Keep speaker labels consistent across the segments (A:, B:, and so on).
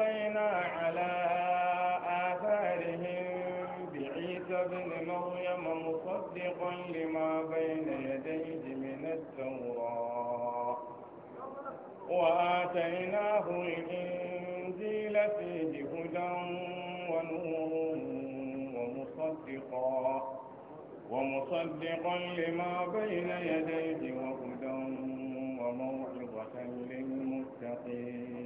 A: قضينا على آثارهم بعيسى بن مريم مصدقا لما بين يديه من التوراة وآتيناه الإنجيل فيه هدى ونور ومصدقا ومصدقا لما بين يديه وهدى وموعظة للمتقين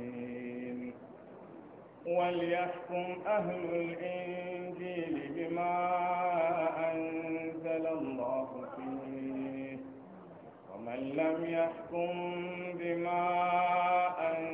A: وليحكم أهل الإنجيل بما أنزل الله فيه ومن لم يحكم بما أنزل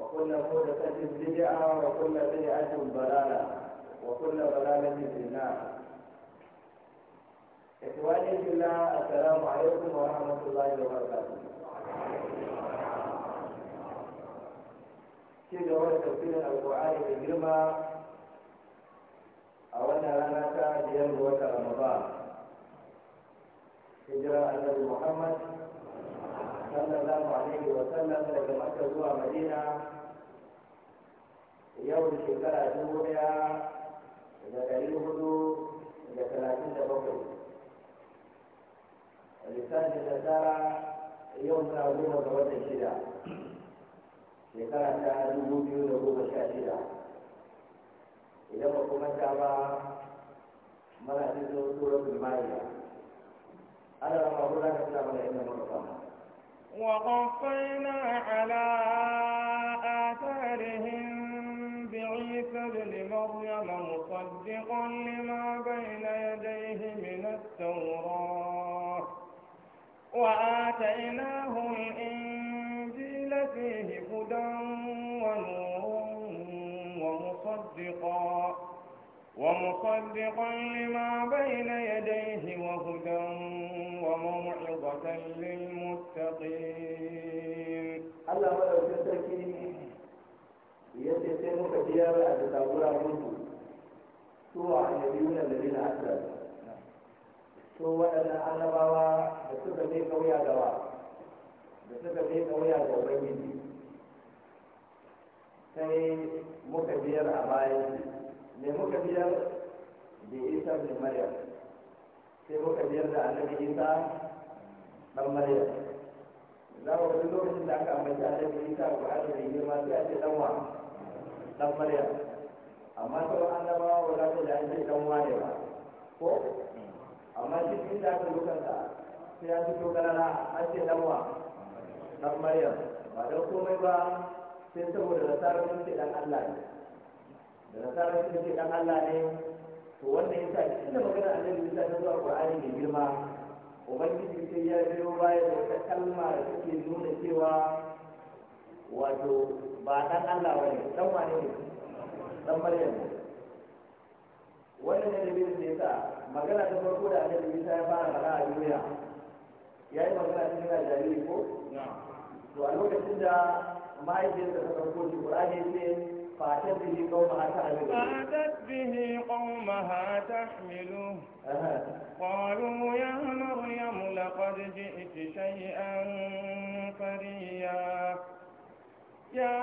B: وكل محدثة بدعة وكل بدعة ضلالة وكل ضلالة في النار إخواني في الله السلام عليكم ورحمة الله وبركاته shi da wani tafsirin alƙur'ani da girma a wannan rana ta biyar ga wata ramadan hijira annabi muhammad sallallahu alaihi wa sallam daga makka zuwa madina yau da shekara dubu daya da ɗari hudu da talatin da bakwai lissafin da tara yau na goma ga watan shida shekara ta dubu biyu da goma sha shida idan ba kuma ta ba mana cikin tsoron ma'aikata ana rama gudanar da mana inda muka fama
A: وقفينا على آثارهم بعيسى بن مريم مصدقا لما بين يديه من التوراة وآتيناه الإنجيل فيه هدى ونور ومصدقا ومصدقا لما بين يديه وهدى وموعظة للمتقين الله ولا لو
B: تتكي يتسمك ديارة تتابرا منه سوى النبيون الذين أسلموا سوى أن أنبوا بسبب ذلك ويا دواء بسبب ذلك ويا دواء sai muka biyar a bayan ne muka biyar da isa bin maryam sai muka biyar da annabi isa dan maryam za mu wani lokacin da aka ambaci annabi isa a ƙwa'ani mai girma sai a ce dan wa dan maryam amma sauran annabawa ba za ta da an ce dan ne ba ko amma shi inda aka da sai ya fito na an ce dan wa dan maryam ba don komai ba sai saboda nasarar sun ce dan allah ne da nasarar sun ce dan allah ne to wanda ya sa cikin da magana annabi Musa ta zuwa Qur'ani mai girma ubangiji sai ya biyo baya da wata kalma da take nuna cewa wato ba dan Allah bane dan wane ne dan Maryam wannan ne dalilin da yasa magana ta farko da annabi Musa ya fara magana a duniya yayi magana cikin yana jariri ko to a lokacin da mahaifiyarsa ta farko shi ya ne فأتت
A: به قومها تحمله قالوا يا مريم لقد جئت شيئا فريا يا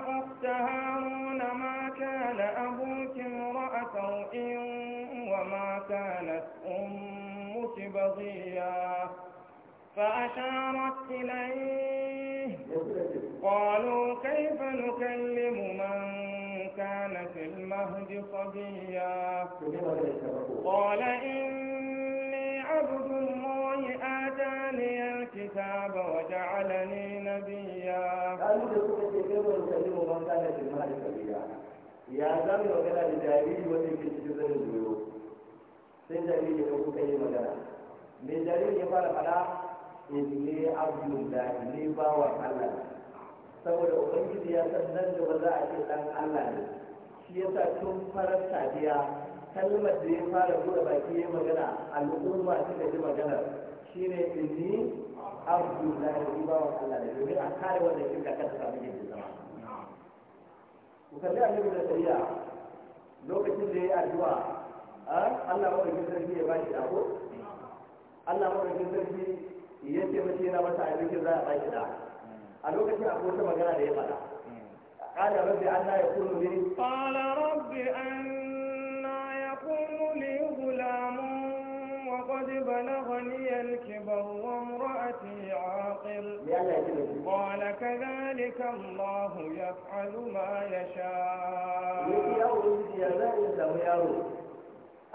A: أخت هارون ما كان أبوك امرأة رؤيا وما كانت أمك بغيا فأشارت إليه قالوا كيف نكلم من كان في المهد صبيا قال إني عبد الله آتاني الكتاب وجعلني نبيا
B: ya zama magana da jariri wanda ke cikin zanen goyo sai jariri ya kuka yi magana mai jariri ya fara fada in ne abu da ne bawa allah saboda ubangiji ya san nan gaba za a ce dan Allah ne shi yasa tun farar sadiya kalmar da ya fara buɗe baki ya magana al'umma suka ji maganar shine inni abdullahi ni bawan Allah ne domin a kare wanda shirka kan ta samu gidi zama ku kalli annabi da sariya lokacin da ya yi addu'a ah, Allah madaukakin sarki ya bashi dako Allah madaukakin sarki ya ce mace yana masa abin za a shi dako a lokacin akwai wata magana da ya faɗa قال رب أن يكون لي
A: قال رب أنا يكون لي غلام وقد بلغني الكبر وامرأتي عاقر قال كذلك الله يفعل ما يشاء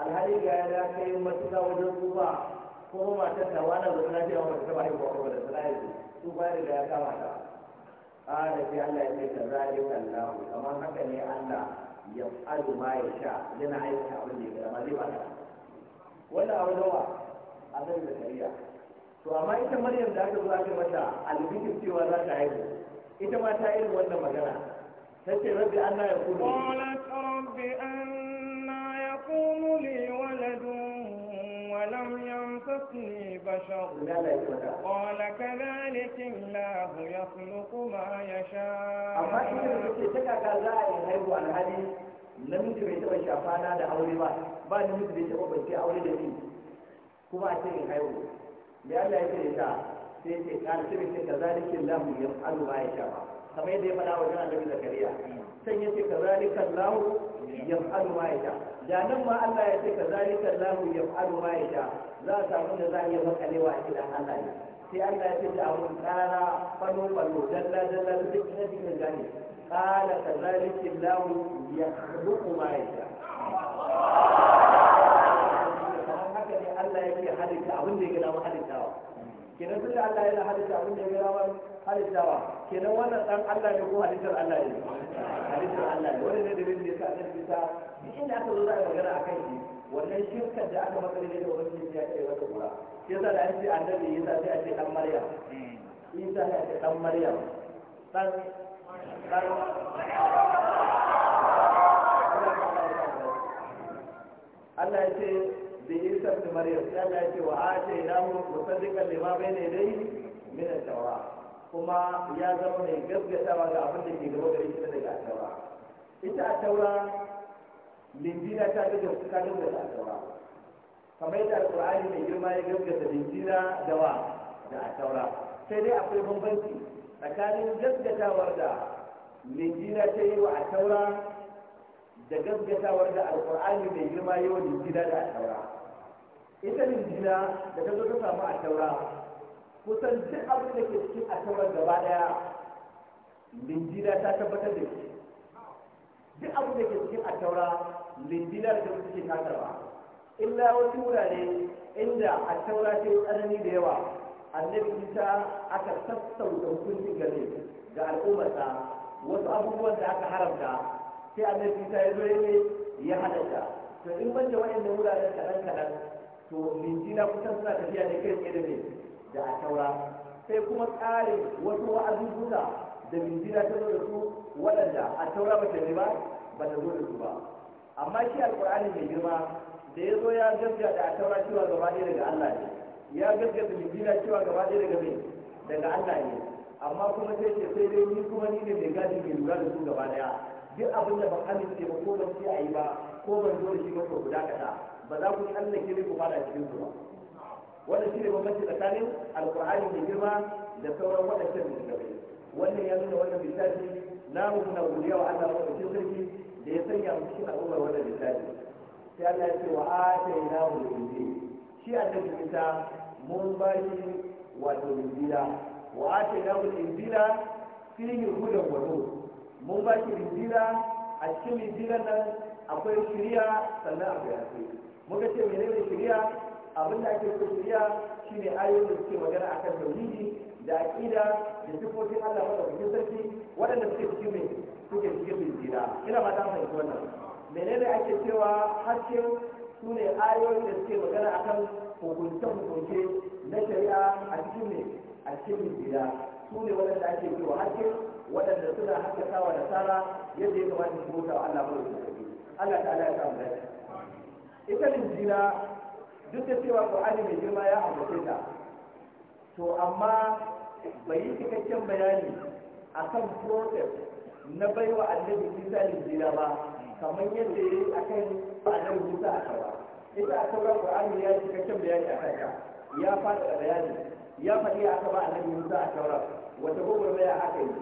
B: alhali ga ya kai matuƙa wajen tsufa ko matar da wani zuwa lafiya wata ta bayan kwakwalwa da sana'a su ba da ya kama ta ala sai Allah ya ce ta zalika Allah kamar haka ne Allah ya fadu ma ya sha yana aikata abin da ya gama zai ba ta wannan abu nawa a zai da kariya to amma ita maryam da aka zo aka mata albikin cewa za ta haihu ita ma ta irin wannan magana ta ce rabbi an ya kudu qalat
A: rabbi an na ya kudu li waladun wa lam مسسني بشر قال كذلك الله يخلق ما يشاء a إذا كنت تكاكا زائر هيو عن
B: bai taɓa shafa na da aure ba ba namiji bai taɓa bai aure da ni kuma a cikin haihu da Allah ya ce ta sai ce kana ce ce kazalika Allah ya alu ba ya shafa kamar yadda ya faɗa wajen Annabi Zakariya sai ya ce kazalika Allah yaf'alu ma yasha da nan ma Allah ya ce ka kazalika Allahu yaf'alu ma yasha za a samu da za a iya makalewa a gidan Allah ne sai Allah ya ce da abun tsara fano fano dalla dalla duk na cikin gane qala kazalika Allahu yakhluqu ma yasha kamar haka ne Allah ya yake halitta abin da ya gada mu halittawa kenan sun da Allah yana halitta abin da ya gara ba halittawa kenan wannan dan Allah ne ko halittar Allah ne halittar Allah ne wannan ne da bin da yasa annabi bisa duk inda aka zo za a magana akan shi wannan shirkar da aka matsale ne da wani ubangiji ya ce wata kura shi yasa da an ce annabi yasa sai a ce dan maryam isa ya ce dan maryam dan dan Allah ya ce da isa da maryam sai Allah ya ce wa atayna mu musaddiqan lima bayna yadayhi min at-tawrat kuma ya zama mai gaskatawa ga abin da ke gaba gare shi daga at-taura ita at-taura linjina ta ga ta ga da at-taura kamar yadda alqur'ani mai girma ya gaskata linjina da wa da at-taura sai dai akwai bambanci tsakanin gaskatawar da linjina ta yi wa at-taura da gaskatawar da alkur'ani mai girma yawan gida da taura ita jina da ta zo ta samu a taura kusan duk abin da ke cikin a taura gaba daya linjila ta tabbatar da shi duk abin da ke cikin a taura linjila da ta cikin ta karba illa wasu wurare inda a taura ta yi tsanani da yawa annabi isa aka sassauta hukuncin gare ga al'ummarsa wasu abubuwan da aka haramta sai annabi isa ya zo ya halatta to in banda waɗannan wuraren kaɗan kaɗan to linjila kusan suna tafiya ne kai tsaye da ne da a taura sai kuma tsare wasu wa'azuzuka da linjila ta zo da su waɗanda a taura ba ta ba ba ta zo da su ba amma shi alƙur'ani mai girma da ya zo ya gaskiya da a taura cewa gaba ɗaya daga Allah ne ya gaskiya da linjila cewa gaba ɗaya daga mai daga Allah ne amma kuma sai ce sai dai ni kuma ni ne mai gadi mai lura da su gaba ɗaya duk abin da ban amince ba ko ban ce a yi ba ko ban zo da shi ba ko guda kaɗa ba za ku ke ne ku fara cikin su ba wannan shine bambanci tsakanin alqur'ani mai girma da sauran da littattafai wannan ya nuna wannan littafi mu na wuriya wa Allah cikin sarki da ya sanya mu cikin al'ummar wannan littafi sai Allah ya ce wa atainahu mu injil shi annabi Isa mun ba shi wato injila wa atainahu al-injila fihi hudan wa nur mun ba shi injila a cikin injilan nan akwai shiriya sannan akwai haske muka ce menene shirya abin da ake so shi shine ayoyin da suke magana a kan tauhidi da aqida da sifofin Allah madaukakin sarki waɗanda suke cikin mai suke cikin bincira ina ba ta fahimci wannan menene ake cewa harshen su ne ayoyin da suke magana a kan hukunce-hukunce na shari'a a cikin mai a cikin bincira su ne waɗanda ake cewa harshen waɗanda suna haskakawa da tsara yadda ya kamata su bauta wa Allah madaukakin sarki Allah ta'ala ya samu dace ita linjila duk da cewa qur'ani mai girma ya ambace ta to amma bai yi cikakken bayani akan protest na baiwa annabi isa linjila ba kamar yadda ya yi kan annabi isa a ba. ita a taura qur'ani ya yi cikakken bayani a kanta ya fada bayani ya faɗi aka ba annabi isa a taura wata gwagwarmaya aka yi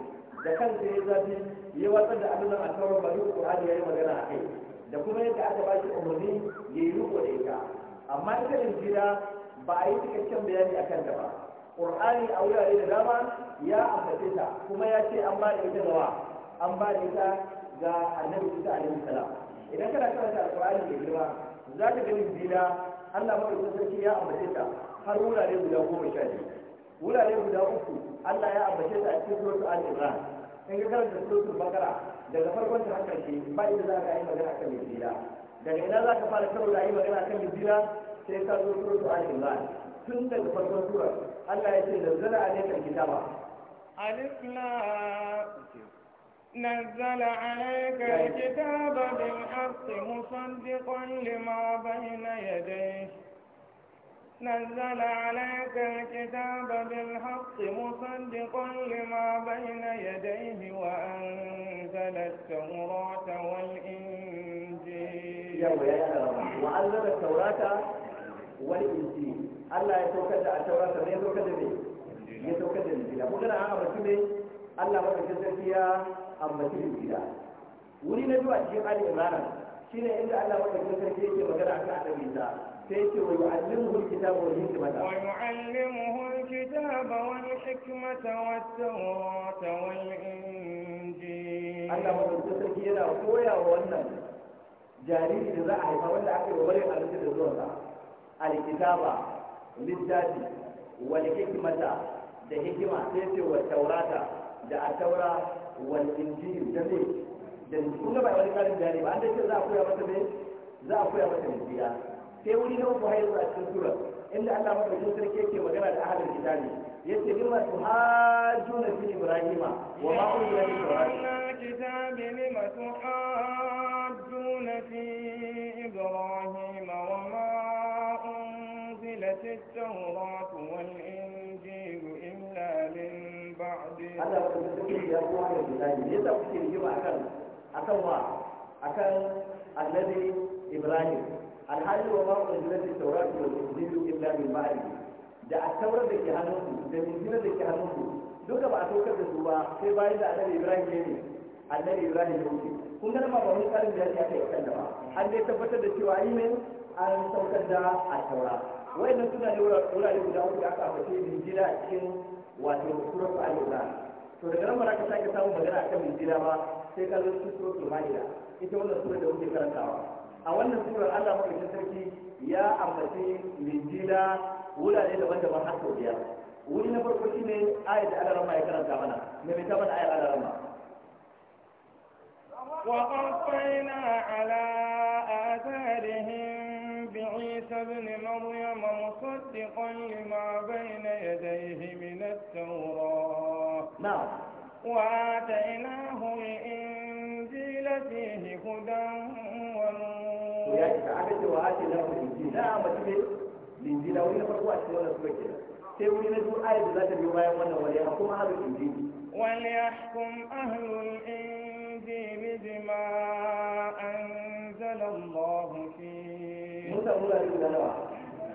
B: da kansa ya zafi ya watsar da annabi a taura ba duk ya yi magana a kai da kuma yadda aka ba shi umarni ya yi riko da ita amma ita jira ba a yi cikakken bayani a kanta ba ƙur'ani a wurare da dama ya ambace ta kuma ya ce an ba da ita gawa an ba da ita ga annabi isa alaihi salam idan kana karanta alƙur'ani da girma za ka ga injila Allah madaukakin sarki ya ambace ta har wurare guda goma sha biyu wurare guda uku Allah ya ambace ta a cikin suratul al in ka karanta suratul baqara daga farkon ta hankali ce ba inda za ka yi magana kan misila daga ina za ka fara karo da yi magana kan misila sai ka zo suru ta alin tun daga farkon tura. Allah ya ce da nazzala alaikal kitaba
A: alif lam نزل عليك الكتاب بالحق مصدقا لما بين يديه نزل عليك الكتاب بالحق مصدقا لما بين يديه وأنزل التوراة والإنجيل وأنزل التوراة
B: والإنجيل Allah ya saukar da a taurasa ne ya saukar da ne ya saukar da injila kun gana an ambaci ne Allah madaukakin sarki ya ambaci injila wuri na biyu cikin Ali Imran shine inda Allah madaukakin magana a ce wa yu'allimuhu al-kitaba wal hikmata wa
A: yu'allimuhu al-kitaba wal hikmata wat tawrata wal Allah mu sarki yana koya
B: wannan jariri da za a haifa wanda aka yi wa bari al-kitaba da zuwa sa al-kitaba lijjati da hikima sai ce wa da at-taura wal injil da da ni kuma ba wani karin jari ba an dace za a koya mata ne za a koya mata ne biya sai wuri na uku haihu a cikin sura inda Allah madaukakin sarki yake magana da ahlul kitabi yace lima tuhajjuna fi ibrahima wa ma unzila ilayhi
A: kitabi lima tuhajjuna fi ibrahima wa ma unzilat at-tauratu wal injilu illa min ba'di Allah madaukakin sarki ya kuma da kitabi yasa kuke rigima akan
B: akan wa akan annabi ibrahim alhali wa ma'a unzilatil tawratu wal injilu illa min ba'di da at-taurat da ke hannunku da injila da ke hannunku duka ba a saukar da su ba sai bayan da annabi ibrahim ya ne annabi ibrahim ya yi kun ga ma ba mun karin da ya kai kan da ba an dai tabbatar da cewa yi ne an saukar da at-taurat wayannan suna ne wurare guda uku da aka ambace injila cikin wato suratul al-imran to daga nan ba ka sake samun magana akan injila ba sai ka zo cikin suratul maida ita wannan sura da muke karantawa a wannan surar Allah madaukakin sarki ya ambaci linjila wurare daban-daban har sau biyar wuri na farko shine ayat da Allah ya karanta mana me mai tabbata ayat Allah rama
A: وقفينا على آثارهم بعيسى ابن مريم مصدقا لما بين يديه من التوراة نعم وآتيناه الإنجيل فيه هدى aka ce wa ake lafa linji na ambaci ne
B: linji wani farko a cikin wannan sura ke sai wuri na duk ayat da za ta biyo bayan wannan wani a kuma ahlul inji
A: وليحكم أهل الإنجيل بما أنزل الله فيه
B: موسى مولا يقول لنا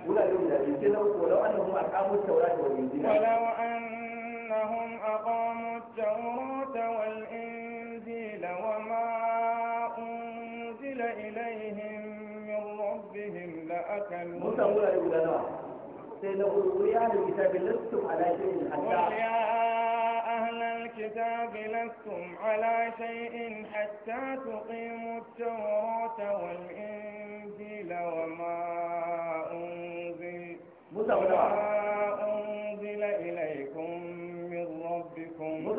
B: ولا يقول ولو أنهم أقاموا a والإنجيل ولو
A: أنهم أقاموا التوراة والإنجيل وما قتلوا موسى ولا يقول
B: سنقول يا أهل الكتاب لستم على شيء حتى يا
A: أهل الكتاب لستم على شيء حتى تقيموا التوراة والإنجيل وما أنزل وما أنزل إليكم من ربكم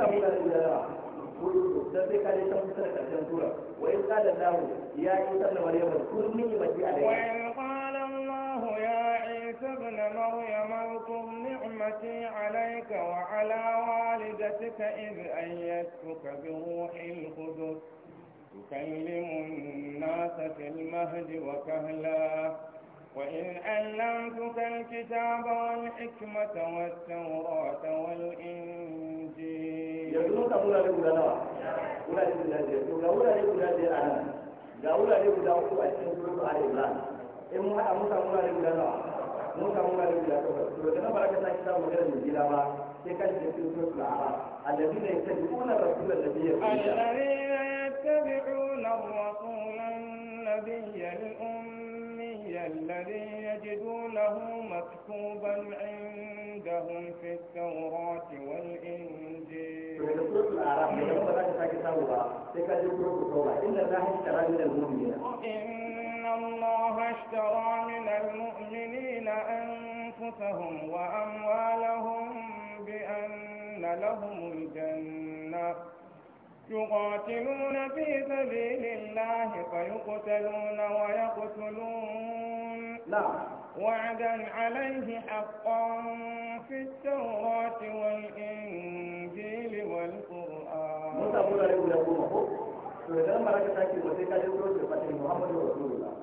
B: dan sai ka je can kusa da karshen sura wa in qala lahu ya isa ibn maryam kun ni wati alayhi
A: يا عيسى ابن مريم اذكر نعمتي عليك وعلى والدتك إذ أيدتك بروح القدس تكلم الناس في المهد وكهلا وإن علمتك الكتاب والحكمة والتوراة والإنجيل يقولون أولا لأولا نوع
B: أولا لأولا نوع أولا لأولا نوع أولا لأولا نوع أولا لأولا نوع in mu haɗa mun samu wurare guda nawa mun samu wurare guda takwas to daga nan ba za ka sake samun magana mai gida ba sai ka shiga cikin suratul a'raf alladhina yattabi'una ar-rasula alladhi alladhina
A: yattabi'una ar-rasula النبي الأمي الذي يجدونه مكتوبا عندهم في التوراة والإنجيل إن الله اشترى من المؤمنين أنفسهم وأموالهم بأن لهم الجنة يقاتلون في سبيل الله فيقتلون ويقتلون نعم وعدا عليه حقا في التوراة والإنجيل والقرآن samu rayu
B: guda goma ko to idan maraka ta ke sai ka je kuro da fatin muhammadu rasulullah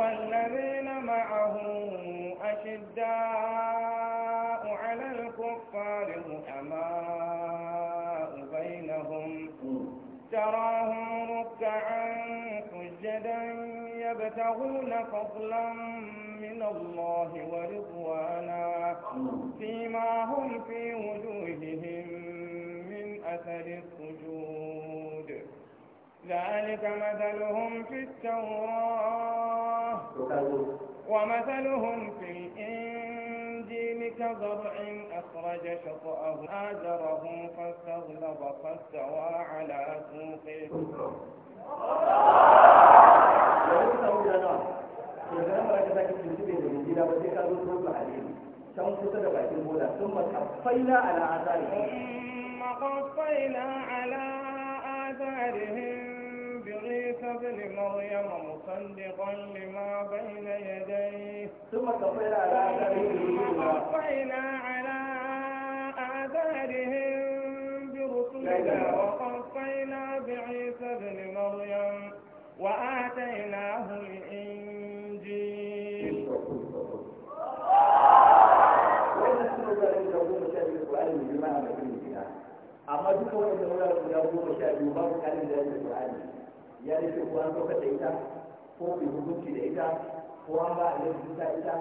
A: والذين معه أشداء على الكفار رحماء بينهم تراهم ركعا سجدا يبتغون فضلا من الله ورضوانا فيما هم في وجوههم من أثر السجود ذلك مثلهم في التوراة ومثلهم في الإنجيل كزرع أخرج شطأه آزره فاستغلظ فاستوى على سوقه
B: to da ka zaki tuntube da gida ba sai ka zo ko ka hadisi can kusa da bakin boda sun ba kafaina ala azari
A: ثم قفينا على آثارهم بعيسى ابن مريم مصدقا لما بين يديه ثم قفينا على آثارهم ثم قفينا على آثارهم برسلنا وقفينا بعيسى ابن مريم وآتيناه الإنجيل wannan
B: suna da rinka goma sha a bakin jina amma duka wannan guda goma sha biyu babu ƙarin da rinka ƙwari ya ce ko an saukar da ita ko bai hukunci da ita ko an ba a laifin ta ita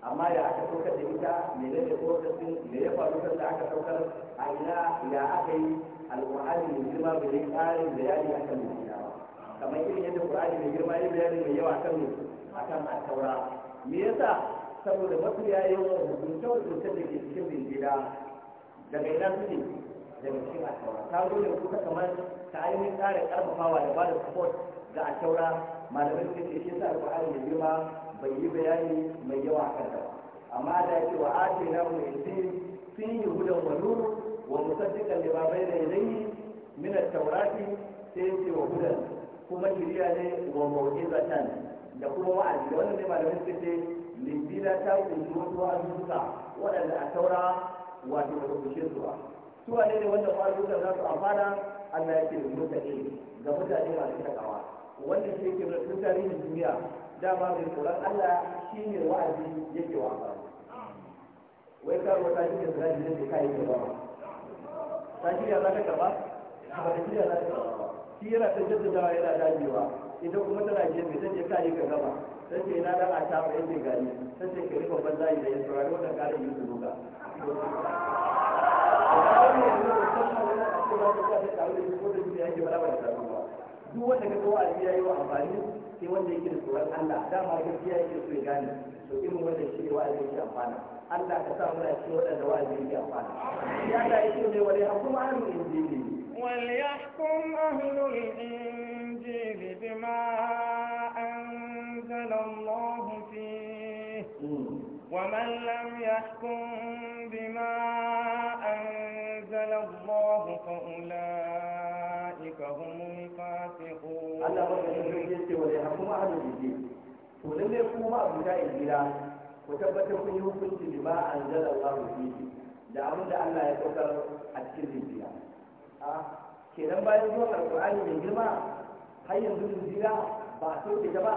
B: amma da aka saukar da ita me ne ko me ya faru da aka saukar a ina ya aka yi alƙur'ani mai girma bai yi ƙarin bayani a kan jina kamar irin yadda ƙur'ani mai girma ya bayani mai yawa a kan a kan a taura me yasa saboda mafiya yawan hukunce-hukuncen da ke cikin bindiga daga ina su ne daga cikin ashawa ta zo da kuka kamar ta ainihin tsarin karfafawa da ba da support ga ashaura malamai suka ce shi sa alƙur'ani da girma bai yi bayani mai yawa a kanta amma da ya ce wa ake na mu yanzu sun yi hudan wa wa musaddiqan lima bayna yadayhi yanayi, at-taurati sai ya ce wa hudan kuma shiriya ne wa mau'izatan da kuma wa'azi da wannan ne malamin suka ce linjila ta kunshi wasu duka waɗanda a taura wato da rubuce su ba su ne wanda da za su amfana Allah ya ce da mutane ga mutane masu takawa wanda shi yake da tarihin duniya dama mai tsoron Allah shi ne wa'azi yake wa amfani wai ka ruwa tashi da ziraji ne da kayan gaba ta shirya za ka gaba ba ta shirya za ta gaba shi yana ta dawa yana dajewa ita kuma tana gefe ta je kayan gaba sai ce ina dan a shafa yace gani sai ce kiri babban zai da ya saurari wannan karin yusu duka duk wanda ka kawo alfi ya yi wa amfani sai wanda yake da tsoron Allah dama gaskiya yake so ya gane to irin wanda shi ne wa'azi yake amfana Allah ka sa muna cikin waɗanda wa'azi yake amfana ya da yake ne wani hakuma ahlul
A: injili wal yahkum ahlul injili bima an أنزل الله فيه ومن لم يحكم بما أنزل الله فأولئك هم الفاسقون الله
B: kuma abu da gida ku tabbatar kun yi hukunci da ba an zala Allah da abin da Allah ya saukar a cikin a kenan bayan zuwa Alƙur'ani mai girma har yanzu zuciya ba a ta ba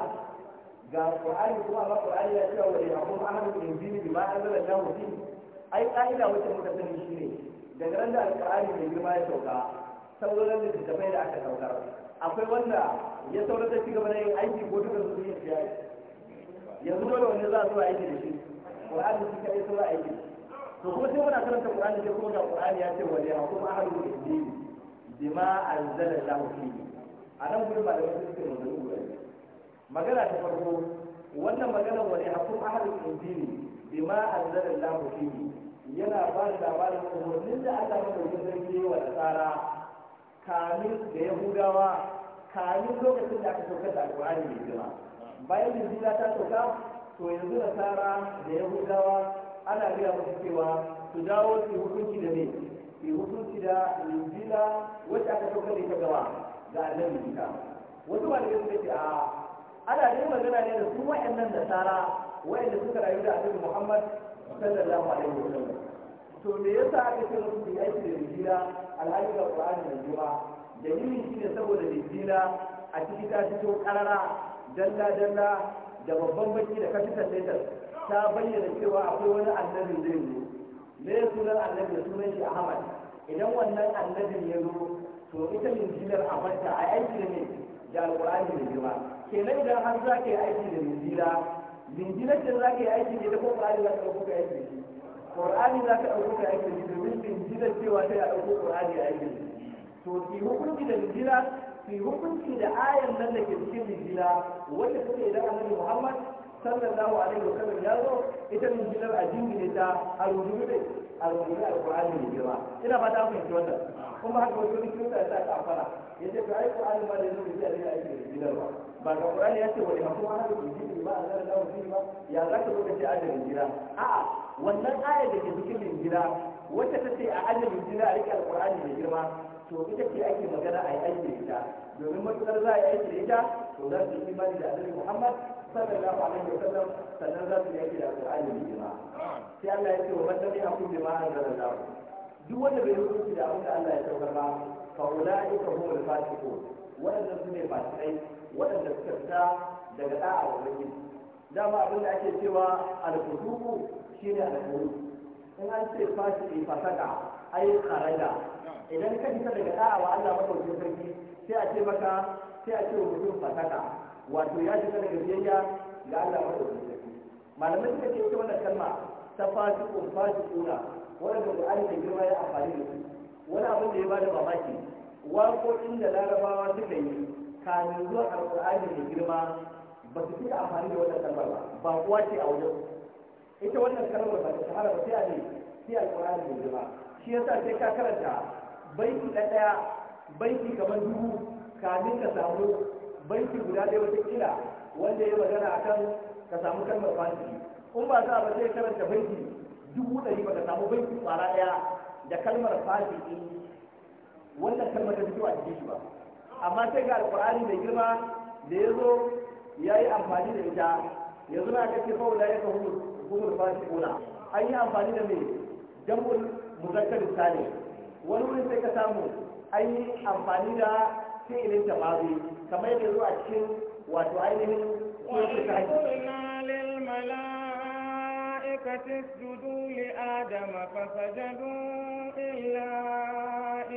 B: ga Alƙur'ani kuma ba Qur'ani ya cewa wani abu Ahmad bin Jini bi ma anzala Allahu fi ai kaida wacce muka sani shine daga ran da Al-Qur'ani mai girma ya sauka sauran littattafai da aka saukar akwai wanda ya saurar da shi da yin aiki ko duka su yin fiye yanzu dole wanda za su aiki da shi Qur'ani shi kai su aiki to kuma sai muna karanta Qur'ani sai kuma ga Qur'ani ya ce wani abu Ahmad bin Jini bi ma anzala Allahu A nan gudun ba da wani suke magana magana ta farko wannan magana wani hakun ahalin injini bima azzalin lahu fihi yana ba da labarin umarnin da aka yi da zargi wa tsara kamin da yahudawa kamin lokacin da aka saukar da alkuwari mai girma bayan injila ta sauka to yanzu da tsara da yahudawa ana gaya musu cewa su dawo su hukunci da ne su hukunci da injila wacce aka saukar da ita gaba ga annabi isa wasu da suka ce a ana dai magana ne da su da nasara wayanda suka rayu da annabi Muhammad sallallahu alaihi sallam. to me yasa aka ce musu bi aiki da rijila alhaji da qur'ani da juma dalili shine saboda rijila a cikin ta fito karara dalla dalla da babban baki da capital letter ta bayyana cewa akwai wani annabi zai zo me sunan annabi sunan shi Ahmad idan wannan annabin ya zo to ita linjilar a barta a aiki ne da alqur'ani da juma kenan idan har za ka yi aiki da linjila linjila ce za ka yi aiki da ko ƙur'ani za ka ɗauko ka aiki da shi ƙur'ani za ka ɗauko ka aiki da shi domin linjila cewa sai a ɗauko ƙur'ani a aiki da shi to ki hukunci da linjila ki hukunci da ayan nan da ke cikin linjila wanda suke idan annabi muhammad sallallahu alaihi wa sallam ya zo ita linjilar a jingine ta a rubuce a rubuce a ƙur'ani ne ba ina ba ta fahimci wannan kuma haka wasu wani kirista ya sa a ya ce ka aiko an ba da yanzu da zai aiki da jinar ba ba ga ƙurani ya ce wani hakuma haka da jini ba a zara dawo jini ba ya za ka zo ka ce ajiyar jira a'a wannan ayar da ke cikin linjira wacce ta ce a ajiyar jira a rike alƙur'ani mai girma to ita ce ake magana a yi aiki da ita domin matuƙar za a yi aiki da ita to za su yi imani da annabi muhammad sallallahu alaihi wa sallam sannan za su yi aiki da alƙur'ani mai girma sai Allah ya ce wa man lam yakun bima anzala Allah duk wanda bai hukunci da abin da Allah ya saukar ba fa ulaika humul fasiqun waɗanda su ne fasikai waɗanda suka fita daga da'a wa wani dama abin da ake cewa al-fusuqu shine al-fusuq in an ce fasiki fasaka ai kharaja idan ka fita daga da'a wa Allah madaukakin sarki sai a ce maka sai a ce mutum fasaka wato ya shiga daga biyayya ga Allah madaukakin sarki malamai suka ce ita wannan kalma ta fasikun fasikuna wanda Qur'ani da girma ya amfani da su wani abin da ya bada mamaki waƙoƙin da larabawa suka yi kamin zuwa alƙur'ani da girma ba su cika amfani da wannan kalmar ba ba kuwa ce a wajen ita wannan kalmar ba ta shahara ba sai a ne sai alƙur'ani da girma shi ya sa sai ka karanta baiti na ɗaya baiti kamar dubu kamin ka samu baiti guda ɗaya wata kila wanda ya magana akan ka samu kalmar fasiki in ba za a ba sai karanta baiti dubu ɗari ba ka samu banki tsara ɗaya da kalmar fasiki wannan kalmar da fito a cikin ba amma sai ga alƙur'ani mai girma da ya zo ya yi amfani da ita yanzu na kace fa wala yaka hum humul fasiquna an yi amfani da mai jamul muzakkar sani wani wurin sai ka samu an yi amfani da fi'ilin tamazi kamar yadda a cikin wato ainihin suratul
A: kahf الملائكة اسجدوا لآدم فسجدوا إلا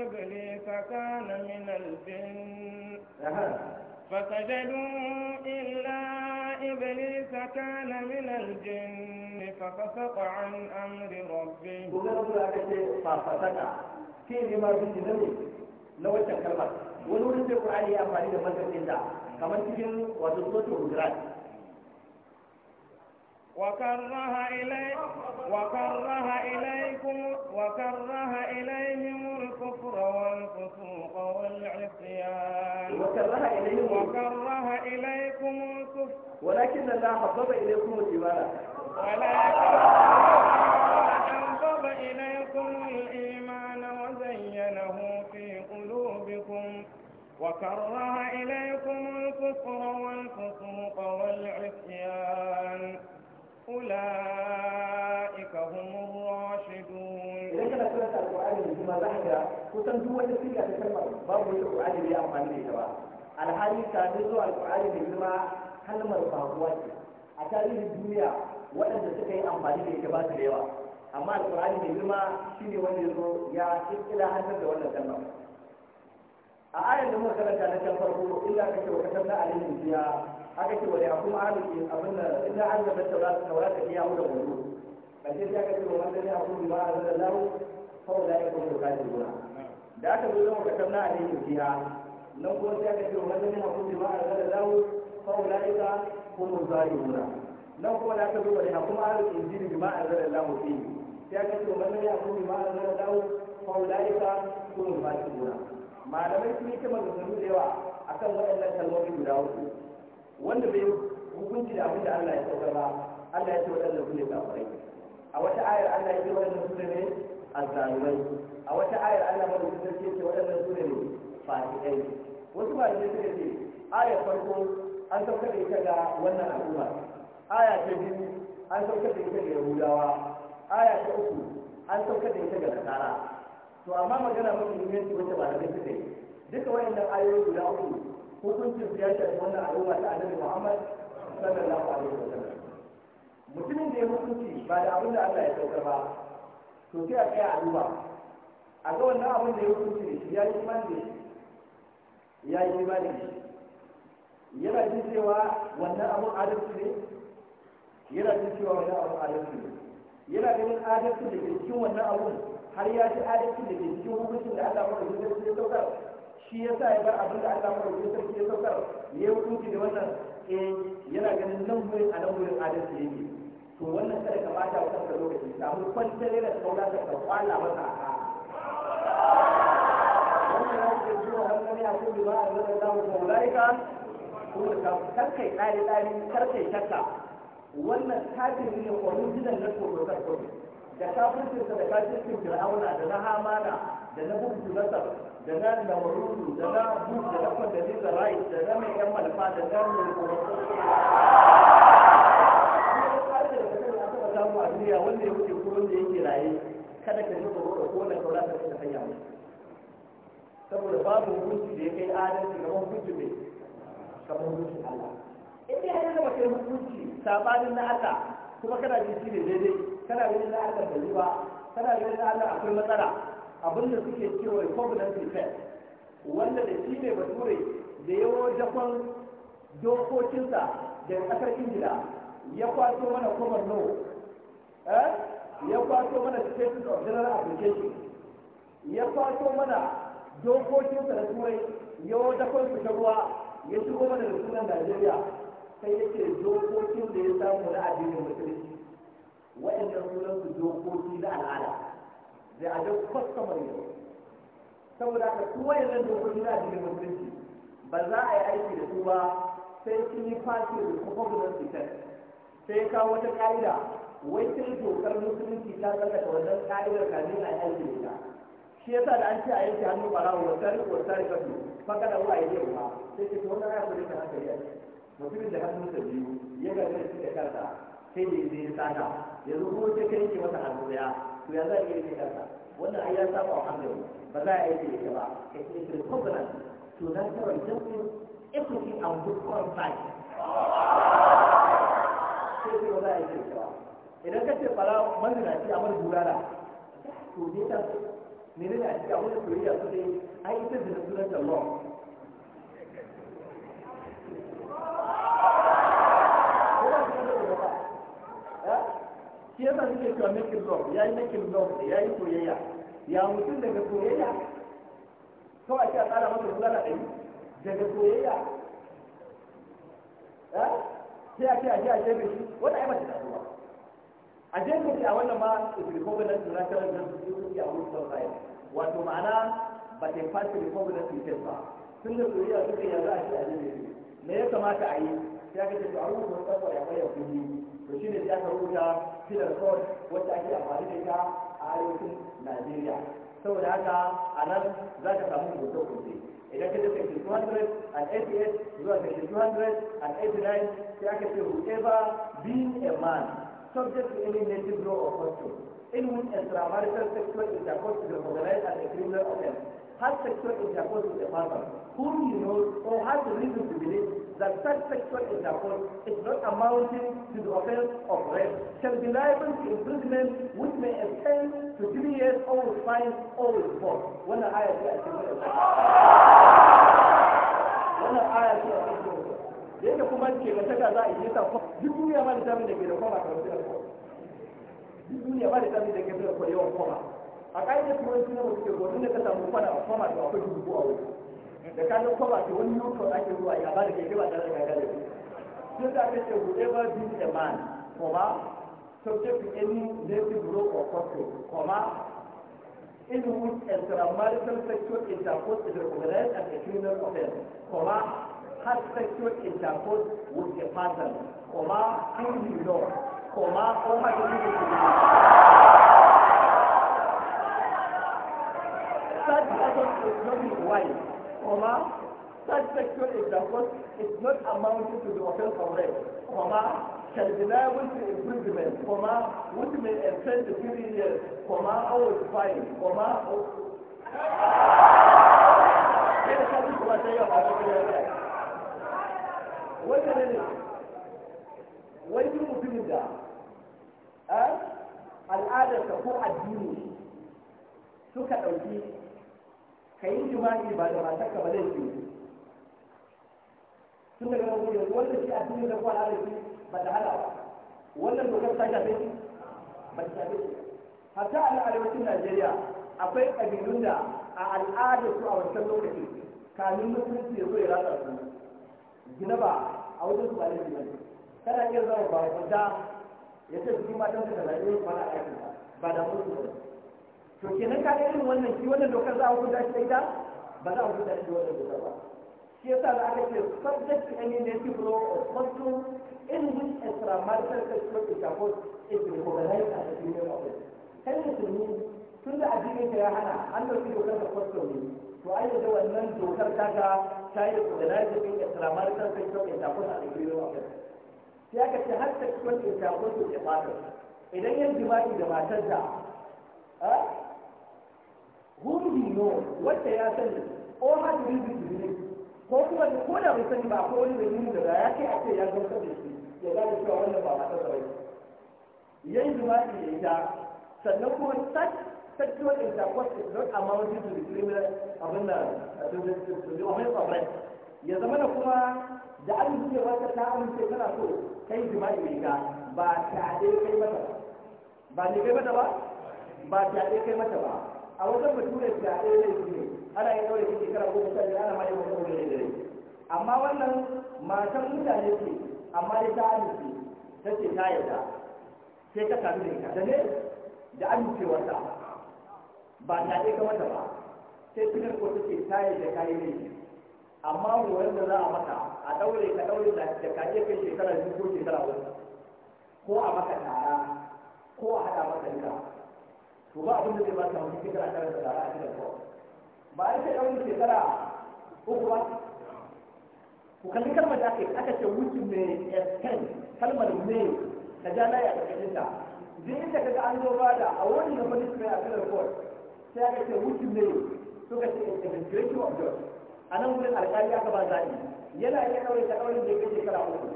A: إبليس كان من الجن فسجدوا إلا إبليس كان من الجن ففسق عن أمر ربه
B: في ما في الجنة لو تكلمت ولو نسيب عليه أفعالي لمن كنت kamar cikin wato sotu hujrat
A: وكره إلي وكره إليكم وكره إليهم الكفر والفسوق والعصيان وكره إليهم وكره إليكم الكفر
B: ولكن الله حبب إليكم الإيمان ولكن
A: حبب إليكم الإيمان وزينه في قلوبكم وكره إليكم الكفر والفسوق والعصيان أولئك هم الراشدون إذا da ثلاثة القرآن بما ذكر
B: kusan duk wata siga ta kalmar babu wata Qur'ani da ya amfani da ita ba alhali ta zuwa alqur'ani da girma kalmar babuwa ce a tarihin duniya waɗanda suka yi amfani da ita ba su da yawa amma alqur'ani da girma shine wanda ya zo ya kirkira hanzar da wannan kalmar a ayar da muka karanta na can farko illa kace wa katabna alaihim fiya Haka ce wani abu ma'adu ke abin da inda an gaba taurata taurata ke yawo da wani ƙarshe sai aka ce wa wanda ne abu bi a zan lallahu kawai da ya kuma doka ce gona da aka zo zama kasar na alaihi biya nan kuma ta aka ce wa wanda ne abu bi a zan lallahu kawai da ya kuma doka ce gona nan kuma da aka zo wani abu ma'adu ke jiri bi ma'a zan lallahu fi sai aka ce wa wanda ne abu bi a zan lallahu kawai da ya kuma doka ce gona malamai sun yi ta maganganu da yawa akan waɗannan kalmomi guda uku wanda bai hukunci da abin da Allah ya sauka ba Allah ya ce waɗanda su ne kafirai a wata ayar Allah ya ce waɗanda su ne azzalumai a wata ayar Allah ba da ce ce waɗanda su ne fasikai wasu ba ne suka ce ayar farko an sauka da ita ga wannan al'umma aya ta biyu an sauka da ita ga yahudawa aya ta uku an sauka da ita ga nasara to amma magana mafi muhimmanci wacce ba da suka yi duka wayannan ayoyi guda uku hukuncin ya da wannan al'umma ta annabi Muhammad sallallahu alaihi sallam. mutumin da ya hukunci ba da abin da Allah ya saukar ba to sai a kai a duba a ga wannan abin da ya hukunci da shi ya yi imani da shi ya yi imani da shi yana jin cewa wannan abin adalci ne yana jin cewa wannan abin adalci ne yana ganin adalci da ke cikin wannan abin har ya ci adalci da ke cikin hukuncin da Allah ya saukar shi ya sa ya bar abin da Allah mai sarki ya saukar ya yi hukunci da wannan eh yana ganin nan gurin a nan gurin adalci yake to wannan kada ka bata wa kanka lokaci samu kwantar da saura ka kwala masa a wannan ya ce zuwa hankali a cikin ba a zama zamu maulaika ko da karkai tsari tsari karkai shakka wannan kafin ne gidan na kokokar kome da kafin da kafin fir'auna da na hamana da na bukutu na da na lawaruru da na bu da na kwadari da rai da na mai yan malfa da na mai kuma
C: samu a duniya
B: wanda ya wuce ko wanda yake raye kada ka ji tsoro ko na kaula ta kai da hanya saboda babu hukunci da ya kai adalci kamar hukunci mai kamar hukunci Allah in dai hanyar da ba kai hukunci sabanin na Allah kuma kana jin shi ne daidai kana ganin na Allah bai yi ba kana ganin na Allah akwai matsala abin da suke cewa recombinant effect wanda da shi ne bature da yawo jakon dokokinsa da kasar ingila ya kwato mana common law eh? ya kwato mana status of general application ya kwato mana dokokinsa da turai yawo jakon su ruwa ya shigo mana da sunan najeriya sai yake dokokin da ya samu na addinin musulunci waɗannan sunan su dokoki na al'ada they are just yau saboda ka yanzu da kuma na jirgin musulunci ba za a yi aiki da su ba sai sun yi fashe da kuma gudun sai ya kawo wata ka'ida wai sai dokar musulunci ta tsallaka wannan ka'idar nuna a yanzu aiki da shi shi sa da an ce a yanke hannu barawo wa tare wa tare kasu faka da wa'ayi yau ba sai ce tuwa na ya kula da hankali mutumin da hannunsa biyu ya gaza da shi da kansa sai da zai sata yanzu kuma sai kai ke masa hannu ya? to ya za a iya rike kansa wannan ai ya saba wa hannu ba za a yi rike ba ka ce shi covenant to na kawai jamfin equity and good contract sai ce ba za a yi rike ba idan ka ce fara mazinaci a mara bulala to ne ta ne ne a cikin wani soyayya su ne ai ita zina sunan da law shi yasa suke cewa mekin love ya yi making love ya yi soyayya ya mutum daga soyayya kawai ake a tsara masa kula da ɗari daga soyayya eh? sai a ce a je a jefe shi wata ai mace tasowa a jefe shi a wannan ma is recognized natural justice a wurin society wato ma'ana ba ta fasa recognized in ba tun da soyayya suke yanzu a shi a jefe shi me ya kamata a yi sai aka ce to a wurin society ya bayyana kuɗi to shi ne rubuta filar kod wacce ake amfani da ita a arewacin najeriya saboda haka a nan za ka samu hoto kunce idan ka je section 200 zuwa section 200 sai aka ce whoever being a man subject to any native law or custom in which extramarital sexual intercourse is recognized as a criminal offense has sexual intercourse with a barber whom he knows or has reason to believe that such sexual intercourse is not amounting to the offense of rape, shall be liable to imprisonment which may extend to three years or with fines or with both. When the ce a cikin the aya ce kuma ke ga taka za a yi ta ko duk duniya ma da tamin da ke da kuma a karatu da Duk duniya ma da tamin da ke da kuma yawan kuma. a ƙa'idar turanci suna wasu kirgo tun da ta samu kwana a kwama da akwai dubu a wuri da ka san kwama da wani lokacin ake zuwa ya ba da kai ba tare da gaga sun ta ce whoever be the man kuma subject to any native law or custom kuma in which extramarital sexual intercourse is recognized as a criminal offense, kuma has sexual intercourse with a person, kuma in the law, comma, comma, third person is not his wife, comma, such sexual intercourse is not amounting to the offense of rape, comma, shall be liable to imprisonment, comma, which may extend to three years, comma, hours fine, comma, wannan ne wai duk mutumin da al'adarsa ko addini suka ɗauki ka yi jima'i ba da matarka ba zai yi tun daga wani gudu wanda shi a cikin da kwana da shi ba ta hada wannan dokar ta shafe shi ba ta shafe shi hatta a arewacin najeriya akwai ƙabilun da a al'adar su a wancan lokaci kamin mutunci ya zo ya rasa su gina ba a wajen su ba da gina kana iya zama ba wanda ya ce su yi matan ka da rayuwar kwana a ba da musu ba to kenan ka ga irin wannan shi wannan dokar za a hukunta shi ita ba za a hukunta shi wannan dokar ba shi yasa da aka ce subject to any native law or custom in which extramarital sexual intercourse is recognized as a criminal offense kai musulmi tun da addinin ka ya hana an dauki dokar da custom ne to ai da wannan dokar ta ga ta yi recognized in extramarital sexual intercourse as a criminal offense sai aka ce har sexual intercourse da fata idan yin jima'i da matar da eh, who do we know wacce ya sani or how do we believe ko kuma ko da bai sani ba ko wani bai nuna da ya ce a ce ya gamsar da shi ya gane cewa wannan ba matar da bai yayin jima'i ya ita sannan kuma such sexual intercourse is not amounting to the criminal abin da to the offense of rape ya zama da kuma da amincewa ta ta amince tana so kai jima'i ya ita ba ta tare kai mata ba ba ne kai mata ba ba ta tare kai mata ba a wajen bature da ɗaya zai ne ana yin ɗaure shi shekara goma sha ana ma yin wata ɗaure da amma wannan matan mutane ce amma dai ta amince ta ce ta yarda sai ta sami da ita da ne da amincewarta ba ta ɗaya mata ba sai tunar ko ta ce ta yarda ka yi laifi amma horon da za a maka a ɗaure ka ɗaure da ka iya kai shekara biyu ko shekara uku ko a maka tara ko a haɗa maka duka to ba abin da zai ba ta wani shekara tare da tsara a cikin kawai ba a yi shekara wani shekara uku ba ku kalli kalmar da ake aka ce wuce mai esken kalmar mai ka ja layi a ƙarƙashin ta zai inda kaga an zo ba da a wani gaba da suka yi a cikin kawai sai aka ce wuce mai ka ce integrity of god a nan wurin alƙali aka ba zaɓi yana iya ɗaure ta ɗaurin da ya kai shekara uku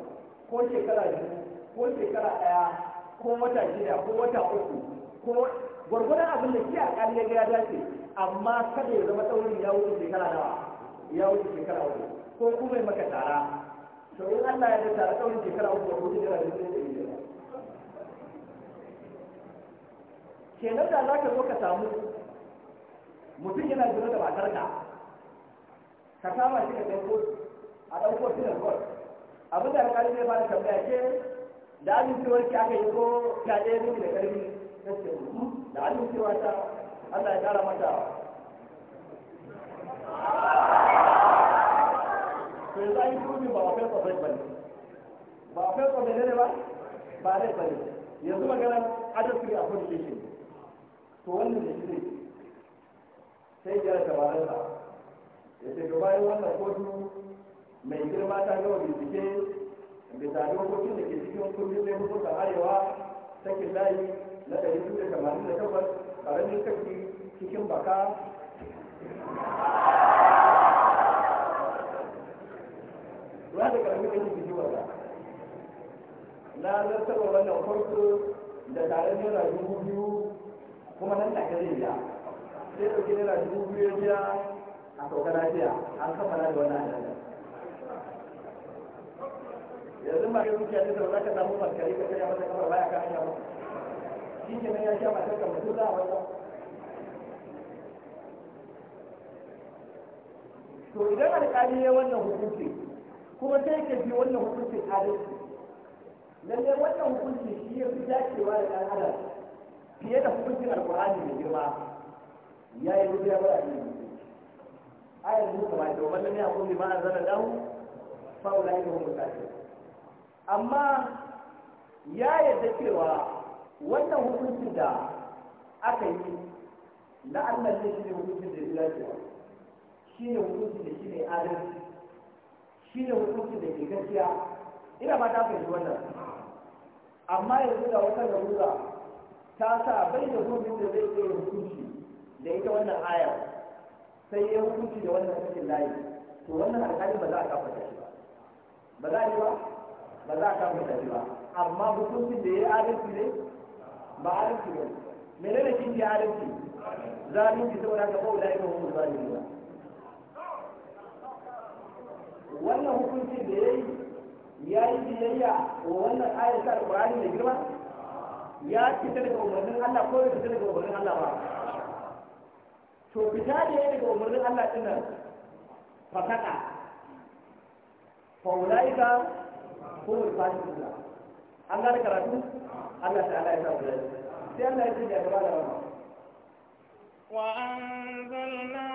B: ko shekara biyu ko shekara ɗaya ko wata shida ko wata uku ko gwargwadon abin da kiyar kali ya gaya dace amma kada ya zama ɗaurin ya wuce shekara nawa ya wuce shekara uku ko kuma maka tara to in Allah ya tsara tara ɗaurin shekara uku ko wuce shekara da ne da kenan da za ka zo ka samu mutum yana zuwa da matarka ka ka kama shi ka ɗauko a ɗauko shi da kwas abin da alƙali zai fara tambaya ke da amincewar ki aka yi ko fyaɗe ne da ƙarfi kace da alin cewa ta Allah ya kara mata to yanzu an yi turbin ba wafai kwabai ba ne ba wafai kwabai ne ba ba rai ba ne yanzu magana adalci a kudi shi to wannan da shi sai gyara tabararsa ya ce bayan wannan kotu mai girma ta gawa bincike bisa dokokin da ke cikin kundin laifukan arewa ta layi na ɗari biyu da tamanin da takwas ƙaramin kashi cikin baka ruwa da ƙaramin kashi cikin baka na zartarwa wannan farko da tare naira dubu biyu kuma nan take zai biya sai ɗauki naira dubu biyu ya biya a sauka lafiya an kammala da wannan adadin yanzu ma kai zuciya ta zama za ka samu maskari ka kai a mata kamar baya ka hanya ba shi ke nan ya sha matar kamar duk za a wata to idan alƙali ya wannan hukunci kuma sai ka bi wannan hukuncin adalci lallai wannan hukunci shi ya fi dacewa da ɗan adam fiye da hukuncin alƙur'ani mai girma ya yi rubuta ba a yi ayar musu ma da wannan ne akwai ma an zana lahu fa'ula ilmu mutashi amma ya yadda cewa wannan hukuncin da aka yi na Allah ne shi ne hukuncin da ya dace shi ne hukuncin da shi ne adalci shi ne hukuncin da ke gaskiya ina ba ta fahimci wannan amma yanzu da wata larura ta sa bai da hukunci da zai iya hukunci da ita wannan aya sai ya hukunci da wannan cikin layi to wannan alƙali ba za a kafa shi ba ba za a yi ba ba za a kafa shi ba amma hukuncin da ya yi adalci ne ba adalci ba menene shi ne adalci zalunci saboda ka ko da irin wannan zalunci ba wannan hukunci da ya yi ya yi biyayya wa wannan ayatul alqur'ani da girma ya fita daga umarnin Allah ko ya fita daga umarnin Allah ba to fita da ya daga umarnin Allah din nan fakaka fa ulaika humul fasiqun an ذلك رجل؟ Allah ذلك
A: وأنزلنا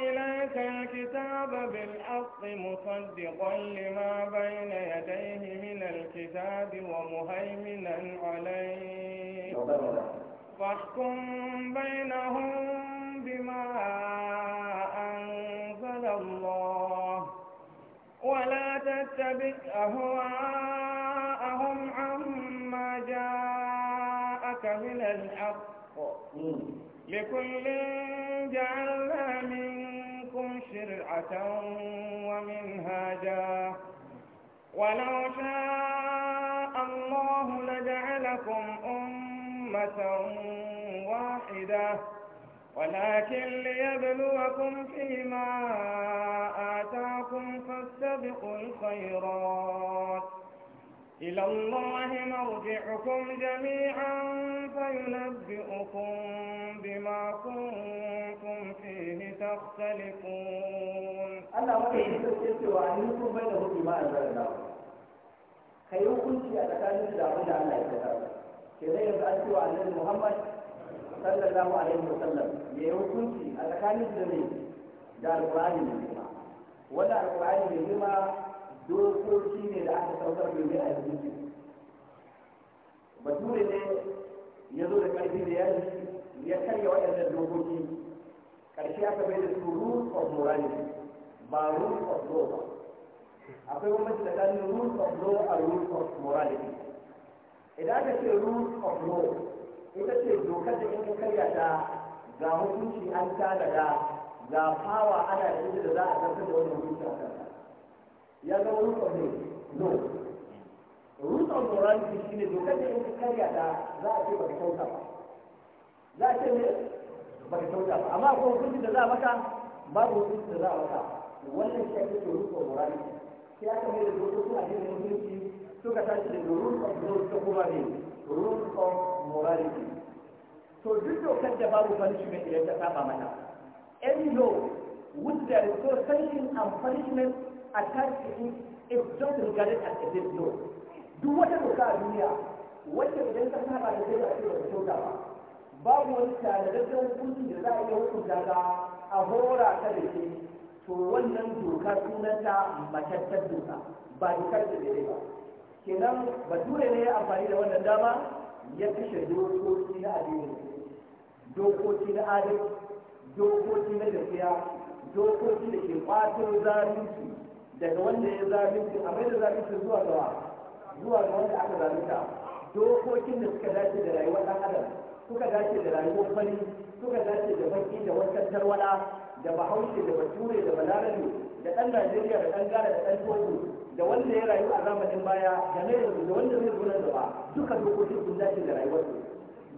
A: إليك الكتاب بالحق مصدقا لما بين يديه من الكتاب ومهيمنا عليه فاحكم بينهم بما أنزل الله ولا تتبع أهواءهم الحق لكل جعلنا منكم شرعة ومنهاجا ولو شاء الله لجعلكم أمة واحدة ولكن ليبلوكم فيما آتاكم فاستبقوا الخيرات إلى الله مرجعكم جميعا فينبئكم بما كنتم فيه تختلفون Allah maka yi ta ce cewa ni kun da
B: hukumi ma hukunci a tsakanin da abin da Allah ya faɗa ke yanzu an cewa annabi Muhammad sallallahu alaihi wasallam ya hukunci a da ne da alƙur'ani mai girma wanda alƙur'ani mai girma dokoki ne da aka saukar domin a yi hukunci bature ne ya zo da karfi da yaji ya karya waɗannan dokoki ƙarshe aka bai da su rules of morality ba rules of law ba akwai da tsakanin rules of law a rules of morality idan aka ce rules of law ita ce dokar da in ka karya ta ga hukunci an da ga fawa ana da ita da za a zartar da wani hukunci a kanta ya zama rules of law rusa morality shi ne dokar da in karya da za a ce baka kyauta ba za a ce ne baka kyauta ba amma akwai hukunci da za a maka babu hukunci da za a maka wannan shi ake ce rusa morality sai aka mai da dokokin addinin musulunci suka tashi da rules of law ta kuma ne rules of morality to duk dokar da babu punishment idan ta saba mata any law which there is no sanction and punishment attached to it is just regarded as a dead law duk wata doka a duniya wacce idan ka saba da kai ba ce ba kyauta ba babu wani tanadadden hukunci da za a iya hukunta daga a hora da shi to wannan doka sunanta matattar doka ba dokar da dai ba kenan bature ne ya amfani da wannan dama ya kashe dokoki na addini dokoki na adalci dokoki na gaskiya dokoki da ke kwato zalunci daga wanda ya zalunci a mai da zalunci zuwa gawa zuwa ga wanda aka ta dokokin da suka dace da rayuwar ɗan adam suka dace da rayuwar fari suka dace da baki da wancan tarwala da bahaushe da bature da balarabe da ɗan najeriya da ɗan gara da ɗan togo da wanda ya rayu a zamanin baya da na yanzu da wanda zai zo nan gaba duka dokokin sun dace da rayuwarsu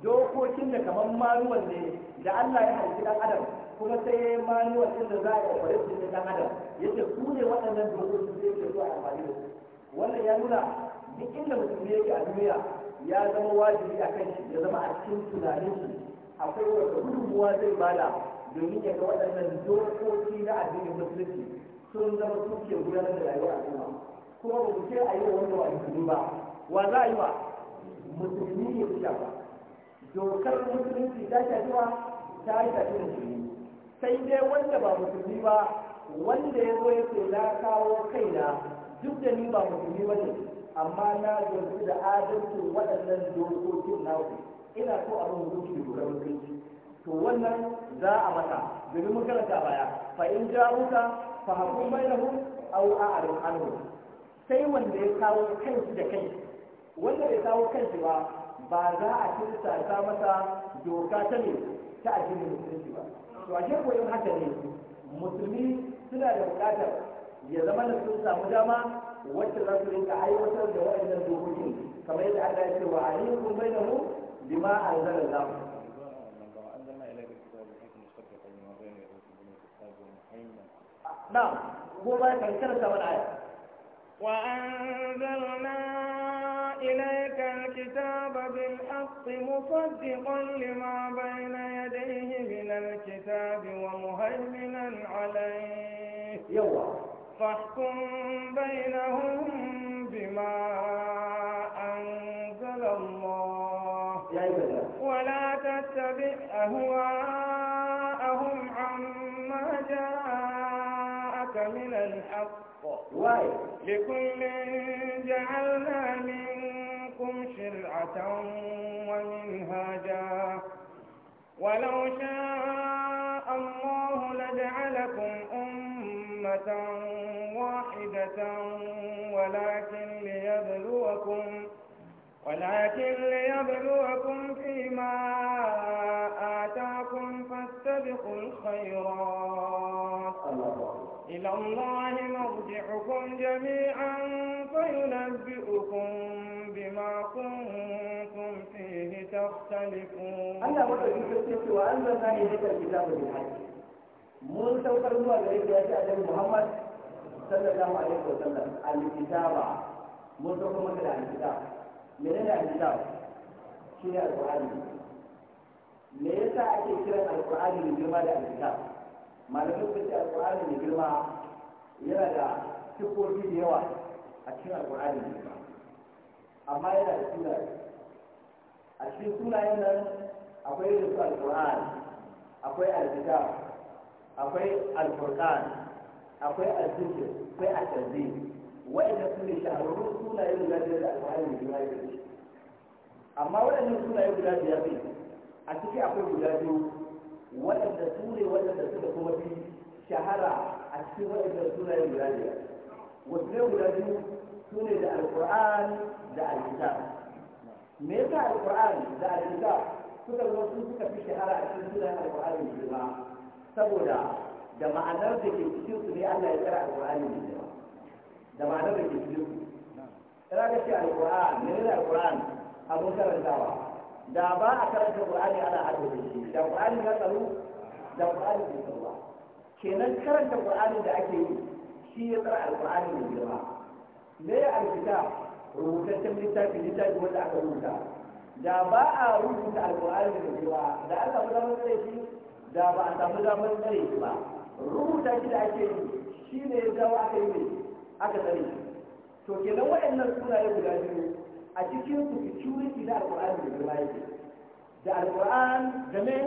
B: dokokin da kamar manuwal ne da Allah ya haifi ɗan adam kuma sai ya yi manuwal ɗin da za a yi kwarar ɗan adam yadda su ne waɗannan dokokin sai ke zuwa amfani da su wannan ya nuna duk inda mutum yake a duniya ya zama wajibi a kan shi ya zama a cikin tunanin shi akwai wata gudunmuwa zai bada domin ya ga waɗannan dokoki na addinin musulunci sun zama suke gudanar da rayuwar al'umma kuma ba su ce a yi wa wanda wa musulmi ba wa za a yi wa musulmi ne ya shafa dokar musulunci ta shafi wa ta shafi musulmi sai dai wanda ba musulmi ba wanda ya zo ya ce na kawo kaina duk da ni ba musulmi ba ne amma na yanzu da adalcin waɗannan dokokin ku. ina so a zama zuci da lura mutunci to wannan za a mata domin mun karanta baya fa in ja ja'uka fa hakum bainahum aw a'rid anhum sai wanda ya kawo kanshi da kai wanda ya kawo kanshi ba ba za a ci ta masa doka ta ne ta addinin musulunci ba to a ko koyon haka ne musulmi suna da bukatar ya zama da sun samu dama wacce za su rinka aiwatar da waɗannan dokoki kamar yadda Allah ya ce wa ayyukum bainahu bima anzala Allah na'am ko ba kan karanta mana aya
A: wa anzalna إليك الكتاب بالحق مصدقا لما بين يديه من الكتاب ومهيمنا عليه يوه فاحكم بينهم بما أنزل الله ولا تتبع أهواءهم عما جاءك من الحق لكل جعلنا منكم شرعة ومنهاجا ولو شاء واحدة ولكن ليبلوكم ولكن ليبلوكم فيما آتاكم فاستبقوا الخيرات إلى الله مرجعكم جميعا فينبئكم بما كنتم فيه تختلفون أنا أقول لك أنزلنا إليك
B: الكتاب بالحق mun saukar zuwa gare da ya ce annabi Muhammad sallallahu alaihi wa sallam al-kitaba mun saukar maka da al menene al shi ne al-Qur'ani me yasa ake kiran al-Qur'ani mai girma da al malamin sun ce al-Qur'ani mai girma yana da sifofi da yawa a cikin al-Qur'ani mai girma amma yana da suna. a cikin sunayen nan akwai da su al-Qur'ani akwai al-kitab akwai alfurqan akwai azzikr akwai at-tanzil wa'inda su ne shahararrun sunaye guda biyar da da juna biyar amma waɗannan sunaye guda biyar ne a ciki akwai guda biyu waɗanda su ne waɗanda suka kuma fi shahara a cikin waɗannan sunaye guda biyar wasu ne guda biyu su ne da alƙur'an da alkitab me yasa alƙur'an da alkitab suka zo su suka fi shahara a cikin sunayen da juna? saboda da ma'anar da ke cikin su ne Allah ya tsara alƙur'ani ne da ma'anar da ke cikin su kana ga shi alƙur'an ne da alƙur'an abun karantawa da ba a karanta alƙur'ani ana haɗu da shi da alƙur'ani ya tsaro da alƙur'ani ya tsaro ba kenan karanta alƙur'ani da ake yi shi ya tsara alƙur'ani ne girma me ya alkita rubutaccen littafi littafi wanda aka rubuta da ba a rubuta alƙur'ani da girma da Allah ya zama shi da ba a samu damar tsare shi ba rubuta shi da ake yi shi ne ya jawo aka yi aka tsare shi to kenan waɗannan sunaye guda biyu a cikin su security na alƙur'ani da girma yake da alƙur'an da me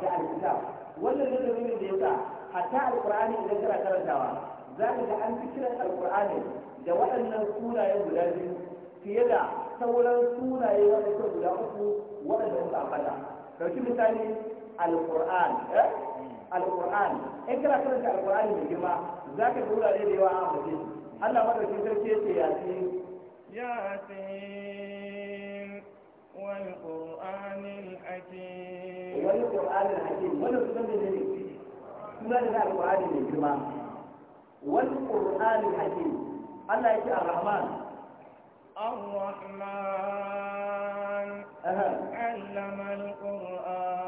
B: da alkitab wannan ne dalilin da yasa hatta alƙur'ani idan kana karantawa za ka ga an fi kiran alƙur'ani da waɗannan sunaye guda biyu fiye da sauran sunaye waɗanda guda uku waɗanda suka ambata ɗauki misali alƙur'an eh? alƙur'an in kana karanta alƙur'ani mai girma za ka dora da yawa a mutum Allah madaukin sarki yace yasin
A: yasin wal qur'anil hakim wal
B: qur'anil hakim wannan sunan ne ne sunan da alƙur'ani mai girma wal qur'anil hakim Allah yake ar-rahman
A: الرحمن علم القرآن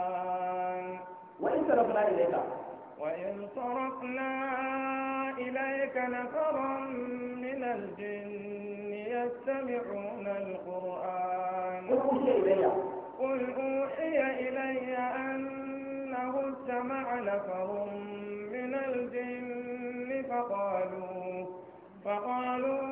A: وإن صرفنا إليك نفرا من الجن يستمعون القرآن قل أوحي إلي أنه استمع نفر من الجن فقالوا فقالوا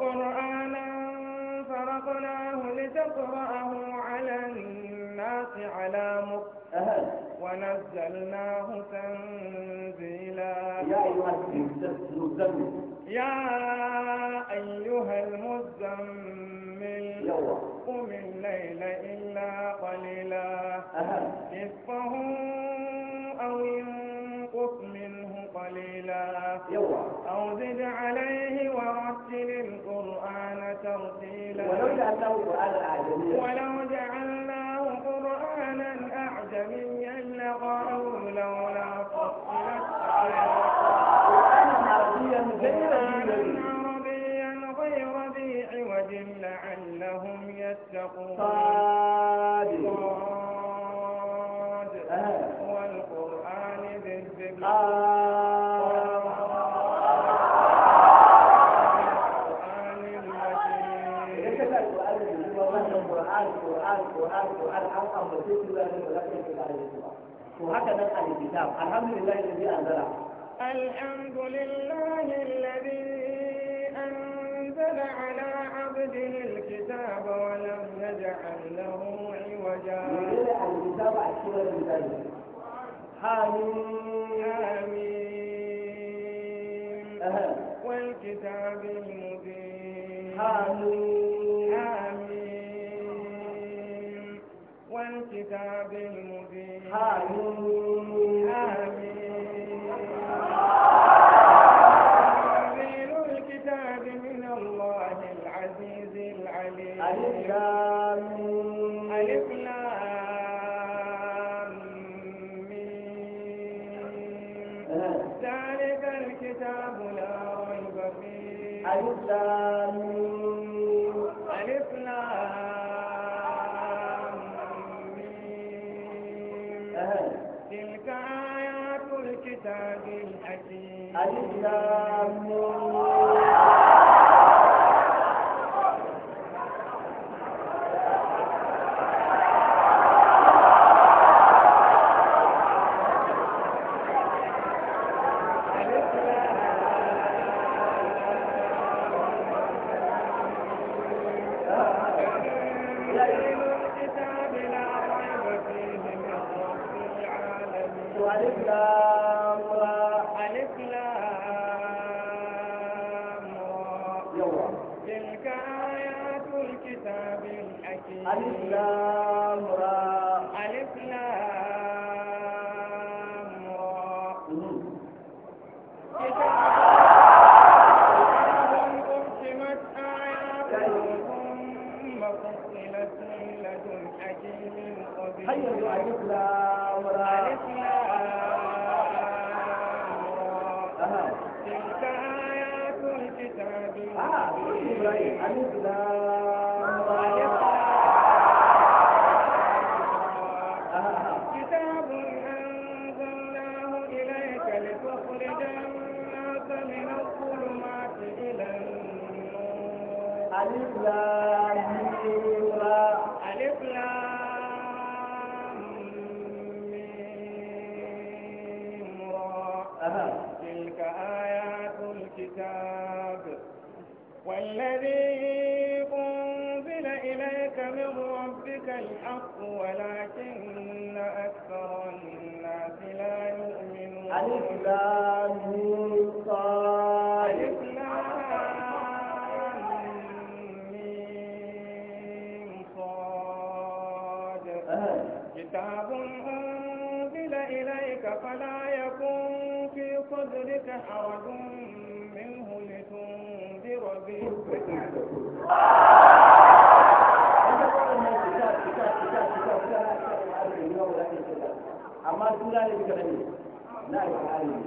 A: قرآنا فرقناه لتقرأه على الناس على مكتب ونزلناه تنزيلا يا أيها المزمل يا أيها المزمل قم الليل إلا قليلا نصفه أو انقص منه قليلا أو زد عليه ورتل القرآن ترتيلا ولو جعلناه قرآنا أعجميا ولو جعلناه قرآنا أعجميا لقالوا لولا فصلت قرآنا عربيا غير ذي عوج لعلهم يتقون صاد آه. والقرآن ذي الذكر آه.
B: أو في الكتاب الحمد لله الذي أنزله
A: الحمد لله الذي أنزل على عبده الكتاب ولم يجعل له عوجا من أهل الكتاب والكتاب المبين والكتاب المبين آمين آمين الكتاب من الله العزيز العليم ألف لام ألف لام آه. ذلك الكتاب لا ريب فيه ألف لام alif lam وأخرج الناس من الظلمات إلى النور ألف لام ألف لام قائد كتاب أنزل إليك فلا يكن في صدرك حرج منه لتنذر به
B: أما تولى لك na alƙur'ani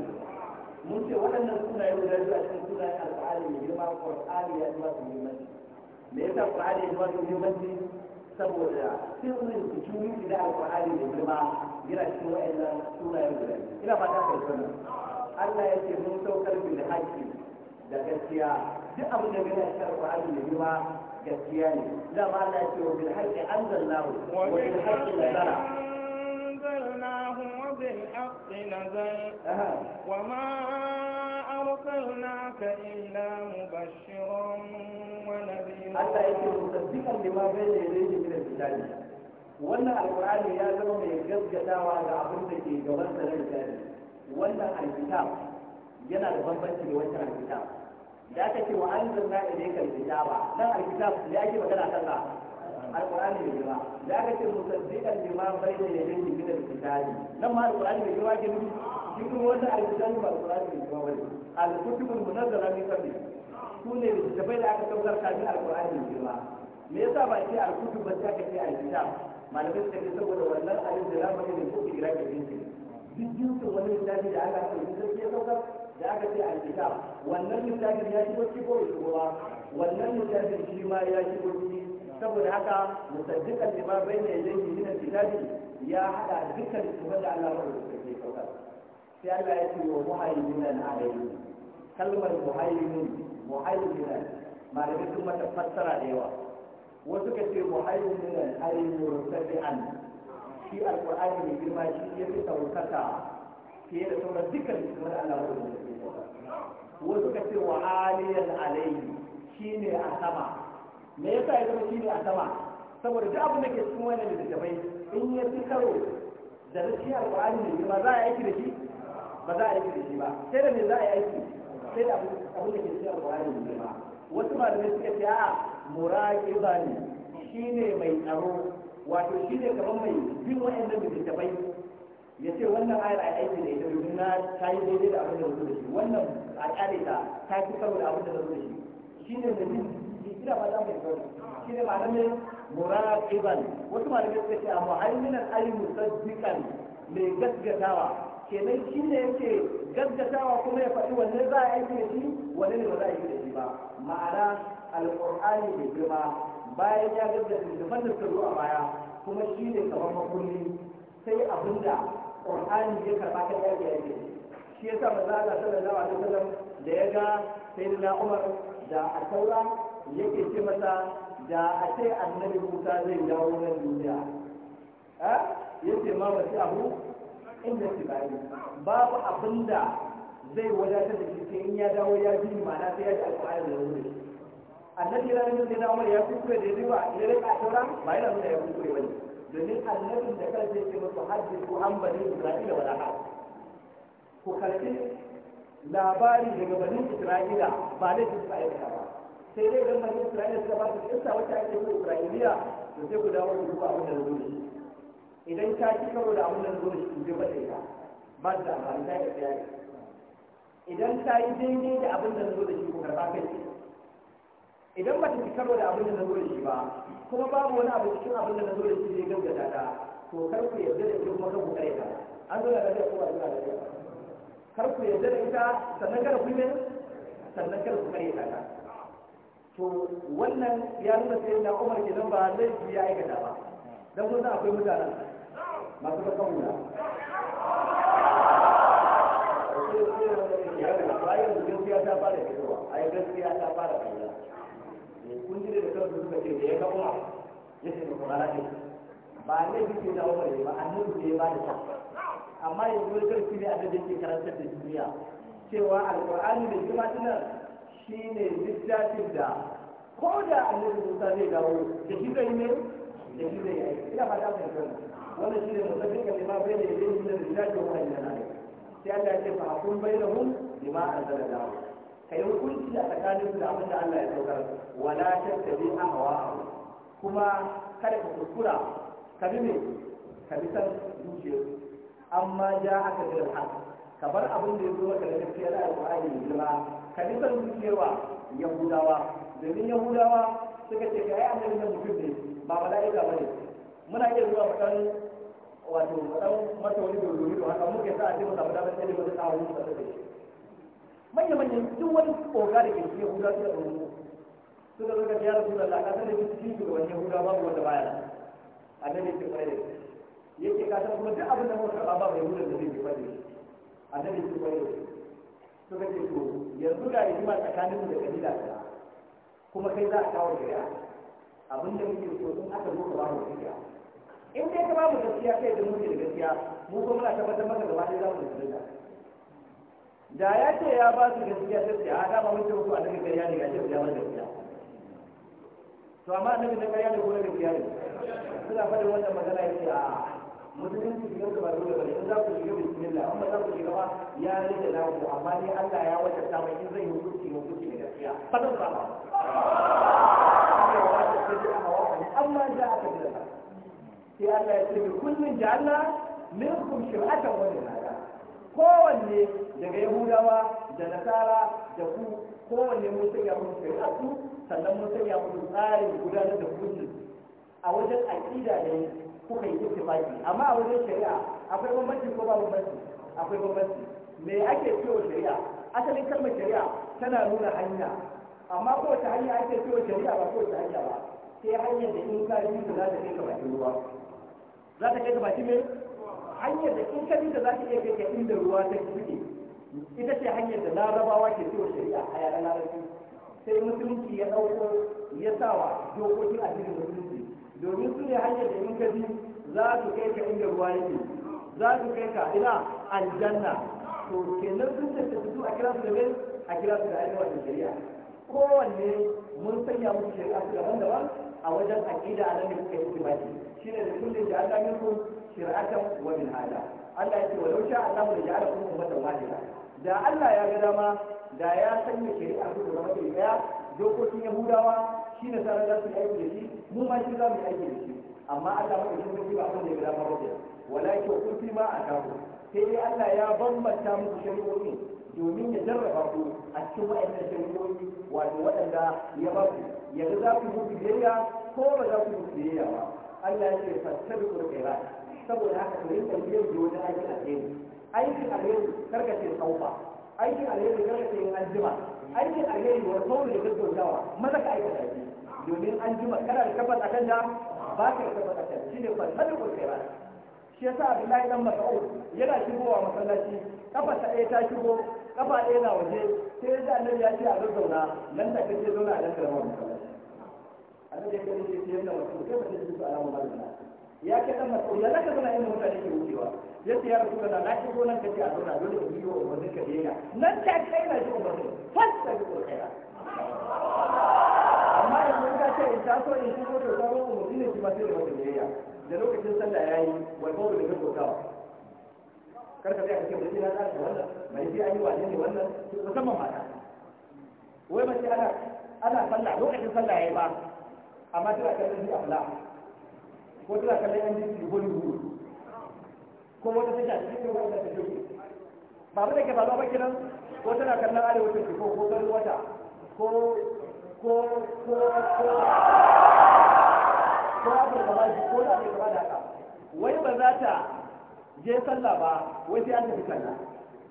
B: mun ce waɗannan sunaye guda biyu a cikin sunayen alƙur'ani mai girma ƙur'ani ya zuwa su muhimmanci me yasa ƙur'ani ya zuwa su muhimmanci saboda sirrin sujudi da alƙur'ani mai girma yana cikin waɗannan sunaye guda biyu ina fata ka sanar Allah ya ce mun saukar bil haqqi da gaskiya duk abin da gani a cikin alƙur'ani mai girma gaskiya ne dama Allah ya ce wa haƙƙi an zanna wa bil haqqi nazara
A: أرسلناه وبالحق نزل وما أرسلناك إلا مبشرا ونذيرا حتى يكون مصدقا
B: لما بين يديه من wannan alƙur'ani ya zama mai gaskatawa da abin da ke gaban sa na misali wannan yana da bambanci da wancan alkitab da aka ce wa an zanna kan alkitaba dan alkitab da ake magana kansa alqur'ani mai girma da aka ce musaddiqan lima bayna yadayhi min al-kitabi nan ma alqur'ani mai girma ke nufi shi kuma wannan alkitabi ba alqur'ani mai girma bane al-kutubul munazzala min qabli su ne littattafai da aka saukar kafin alqur'ani mai girma me yasa ba ce al ba sai aka ce al ce saboda wannan da lamu ne ko kira ke jinsi wani da aka da aka ce al-kitab wannan littafin ya shigo cikin ko wannan littafin shi ma ya shigo cikin saboda haka musaddiqan bai bayna yadayhi min al-kitabi ya haɗa dukkan littafin da Allah ya rubuta ke kauka sai Allah ya ce wa muhaiminan alayhi kalmar muhaimin muhaiminan malamai sun mata fassara da yawa wasu ka ce muhaiminan ay murtabi'an shi Alƙur'ani mai girma shi ya fi saukaka fiye da sauran dukkan littafin da Allah ya rubuta ke kauka wasu ka ce wa aliyan alayhi ne a sama me sa ya zama shi ne a sama saboda duk abin da ke cikin da littattafai in ya fi karo da rikiyar ƙwari ne ba za a aiki da shi ba za a yi aiki da shi ba sai da me za a yi aiki sai da abin da ke cikin ƙwari ne ba wasu malamai suka ce a muraqiba ne ne mai tsaro wato shi ne kamar mai bin wa'annan littattafai ya ce wannan ayar a aiki da ita domin na ta yi daidai da abin da zo da shi wannan a ƙare ta ta fi karo da abin da zo da shi ne da ina ba za mu yi shi ne malamin wasu malamai suka ce a muhaiminan ay musaddiqan mai gaggatawa kenan shi ne yake gaggatawa kuma ya faɗi wanne za a aiki da shi wanne ne ba za a aiki da shi ba ma'ana alƙur'ani mai girma bayan ya gaggata da fannin sirru a baya kuma shi ne kamar makulli sai abinda ƙur'ani ya karɓa ta yaki yaki shi yasa manzo Allah sallallahu alaihi wasallam da ya ga sayyidina Umar da saura yake ce masa da a ce annabi musa zai dawo nan duniya ya ce ma wasu abu inda su bayi babu abin da zai wadatar da shi in ya dawo ya ji ma'ana sai ya ji alƙawari da wuri annabi ya rana da dawo ya kuskure da riba ya rika taura ba yana nuna ya kuskure wani domin annabin da kansa ya ce musu hajji ko an bani isra'ila wala ha ku karɓi labari daga banin isra'ila ba laifin su aikata ba sai dai idan mai isra'ila suka ba su kinsa wacce ake yi isra'iliya to sai ku dawo ku duba abin da zo shi idan ka ci karo da abin da zo shi ku je ba ka ba da amfani ta yi tsaya idan ka yi daidai da abin da zo da shi ku karba kai idan ba ta ci karo da abin da zo da shi ba kuma babu wani abu cikin abin da zo da shi zai gaggata ta to kar ku yarda da kuma kan ku kare ta an zo da lafiya ko ba zuwa lafiya kar ku yarda da ita sannan kar ku yi sannan kar ku kare ta to wannan ya nuna sai na umar ke nan ba zai ya aikata ba don kusa akwai mutanen masu bakan wuya a yi gaskiya eh, da da ba ne bi da umar ba ne ba da ta amma yanzu wani karfi ne a da ke karantar da duniya cewa alƙur'ani da jima'a shi ne littafin da ko da annabi musa zai dawo da shi zai ne da shi zai yi ina ba ta fahimta wannan shi ne ka nema bai da yake yin da littafin wani na ne sai Allah ya ce fa kun bai da hakun bainahum bima anzala dawo kai hukunci a tsakanin da abin da Allah ya saukar wala ta a hawa kuma kada ka kuskura ka bi me ka bi san zuciyarsu amma ja aka ga haka ka bar abin da ya zo maka da gaskiya da alƙur'ani mai girma ka nisan cewa yahudawa domin yahudawa suka ce ka yi annabi na mutum ne ba mala'ika ba ne muna iya zuwa mu dan wato mu dan mata wani dogori to haka muke sa a ce mu samu damar ne mu da kawo mu da shi manya manyan duk wani ƙoga da ke cikin yahudawa suka ɗauko suka zo ga ya rasu da laka sai da cikin wani yahudawa ba wanda baya annabi ya ce kwarai da yake ka san kuma duk abin da muka karɓa ba mai yahudan da zai bi kwarai annabi su bai suka ce to yanzu ga rigima tsakanin mu da kabila ta kuma kai za a kawo shari'a abin da muke so in aka zo ka ba mu gaskiya in dai ka ba mu gaskiya kai da muke da gaskiya mu kuma muna tabbatar maka gaba ɗaya za mu da da ya ce ya ba su gaskiya sai su a dama mun ce muku annabi ƙarya ne ga ce ya ba gaskiya to amma annabi na ƙarya ne ko na gaskiya ne suna faɗin wannan magana ya ce a'a musulunci shigar da ba dole ba in za ku shiga bismillah amma za su shiga ba ya rage na ku amma dai Allah ya wata ta mai in zai hukunci hukunci da gaskiya fadan ba amma da aka jira sai Allah ya ce bi kullun min minkum shir'atan wa minhada kowanne daga yahudawa da nasara da ku kowanne mun sanya musu shir'atu sannan mun sanya musu tsarin gudanar da hukunci a wajen aƙida ne kuka yi ittifaki amma a wajen shari'a akwai bambanci ko ba bambanci akwai bambanci me ake cewa shari'a asalin kalmar shari'a tana nuna hanya amma kowace hanya ake cewa shari'a ba kowace hanya ba sai hanyar da in ka yi za ta kai ka bakin ruwa za ta kai ka bakin me hanyar da in ka da za ta iya kai ka inda ruwa ta kike ita ce hanyar da larabawa ke cewa shari'a a yaran larabci sai musulunci ya ɗauko ya sawa dokokin addinin musulunci domin su ne hanyar da in ka bi za su kai ka inda ruwa yake za su kai ka ina aljanna to kenan sun ce su a kira su da a kira su da ainihin shari'a kowanne mun sanya musu shari'a su daban-daban a wajen aƙida a nan da kuka yi baki shi ne da kullum da Allah yin kun shir'atan wa min hada Allah ya ce wa lausha Allah mu da ku kuma da wahida da Allah ya ga dama da ya sanya shari'a su da mutum daya dokokin Yahudawa shi da sanar za su yi aiki da shi mu ma shi za mu yi aiki da shi amma Allah ba shi kuma ba abin da ya dama ba walakin kun fi ma a kawo sai dai Allah ya bambanta muku shari'o'i domin ya jarraba ku a cikin waɗannan shari'o'i wato waɗanda ya ba ku yanzu za ku mutu biyayya ko ba za ku yi biyayya ba Allah ya ce fattabi ku da saboda haka ku rinka biyan da wani aikin alheri aikin alheri ce saufa aikin alheri ce yin aljima aikin alheri wa saurin da gaggautawa maza ka aikata shi domin an ji kana da tabbas a kan da ba ka da tabbas a kan shi ne ba fasalin ba shi yasa abdullahi dan mas'ud yana shigowa masallaci kafa ta ɗaya ta shigo kafa ɗaya na waje sai ya annabi ya ce a zauna nan da kace zauna a nan da rawa masallaci annabi ya ce ne ce yanda mutum kai ba shi ji su alamun malama ya ke dan mas'ud ya zaka zauna inda mutane ke wucewa ya ce ya rasu da na shigo nan kace a zauna dole ka biyo wannan ka daina nan ta kai na shi sai fasta bi ba. in ta so in ci da sabon umarni ne shi ba sai da wata biyayya da lokacin sallah ya yi wani bawa da gaggautawa kar ka tsaya ka ce mai na da wannan mai sai an yi wane ne wannan musamman mata wai mace ana ana sallah lokacin sallah ya yi ba amma tana kallon shi a fula ko tana kallon yan jinsi hollywood ko wata tasha ko wanda ta jirgi ba mu da ke ba ba kenan ko tana kallon arewacin ko ko garin wata ko ko ko ko ko abu ko da bai gaba da haka wai ba za ta je sallah ba wai sai an tafi sallah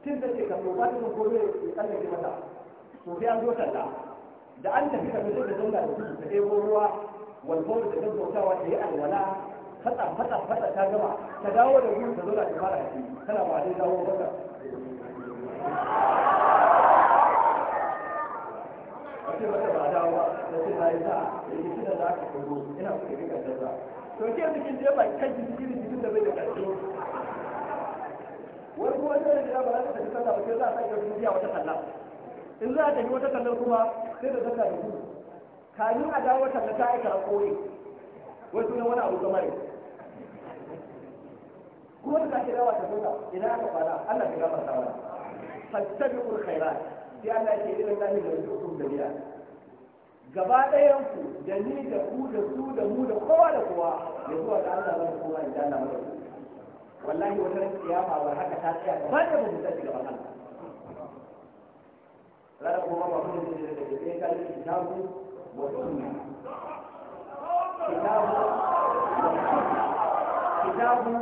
B: tun da ce ka ba ta kome ko zai tsallake mata to sai an zo sallah da an tafi ka fito da sallah da su ta ɗebo ruwa walbon da ta zautawa ta yi alwala fatsa fatsa fatsa ta gama ta dawo da gudu ta zo da ta fara a ciki tana ba dai dawo ba wata wata ba dawo da ce na yi da yi shi da za ka kogo ina kuka rika da za to ke bikin je ba kan ji jiri jikin da bai da ƙarshe wani kuma wani da ba za ta tafi sallah ba sai za a sake wata biya wata sallah in za a tafi wata sallah kuma sai da zaka da gudu kamin a dawo sallah ta aika a kore wasu na wani abu zama ne kuma da ta kira wata sallah idan aka fara Allah ya gafarta mana fastabiqul khairat sai Allah ke irin lahi mai dukkan gaba ɗayan ku da ni da ku da su da mu da kowa da kowa ya zuwa da Allah zan kowa in dana mu wallahi wannan kiyama ba haka ta tsaya gaba da mu ta shiga rana kuma ba mu da da kai wa sunna kitabu kitabu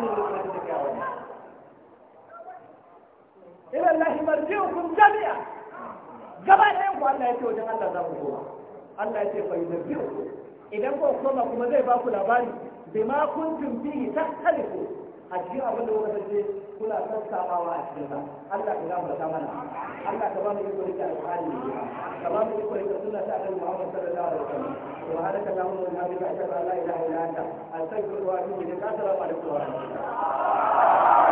B: abin da kuma jami'a gaba ɗayan ku Allah ya ce wajen Allah za ku koma Allah ya ce fa yunabbi'ukum idan ku koma kuma zai ba ku labari bima kuntum fihi tahtalifu a cikin abin da kuka ce kuna sassaɓawa a cikin sa Allah ka gafarta mana Allah ka ba mu iko da alƙali ka ba mu iko da sunna ta annabi Muhammad sallallahu alaihi wasallam wa hadaka lahu min hadika ashhadu an la ilaha illa anta astaghfiruka wa atubu ilayk assalamu alaikum wa rahmatullahi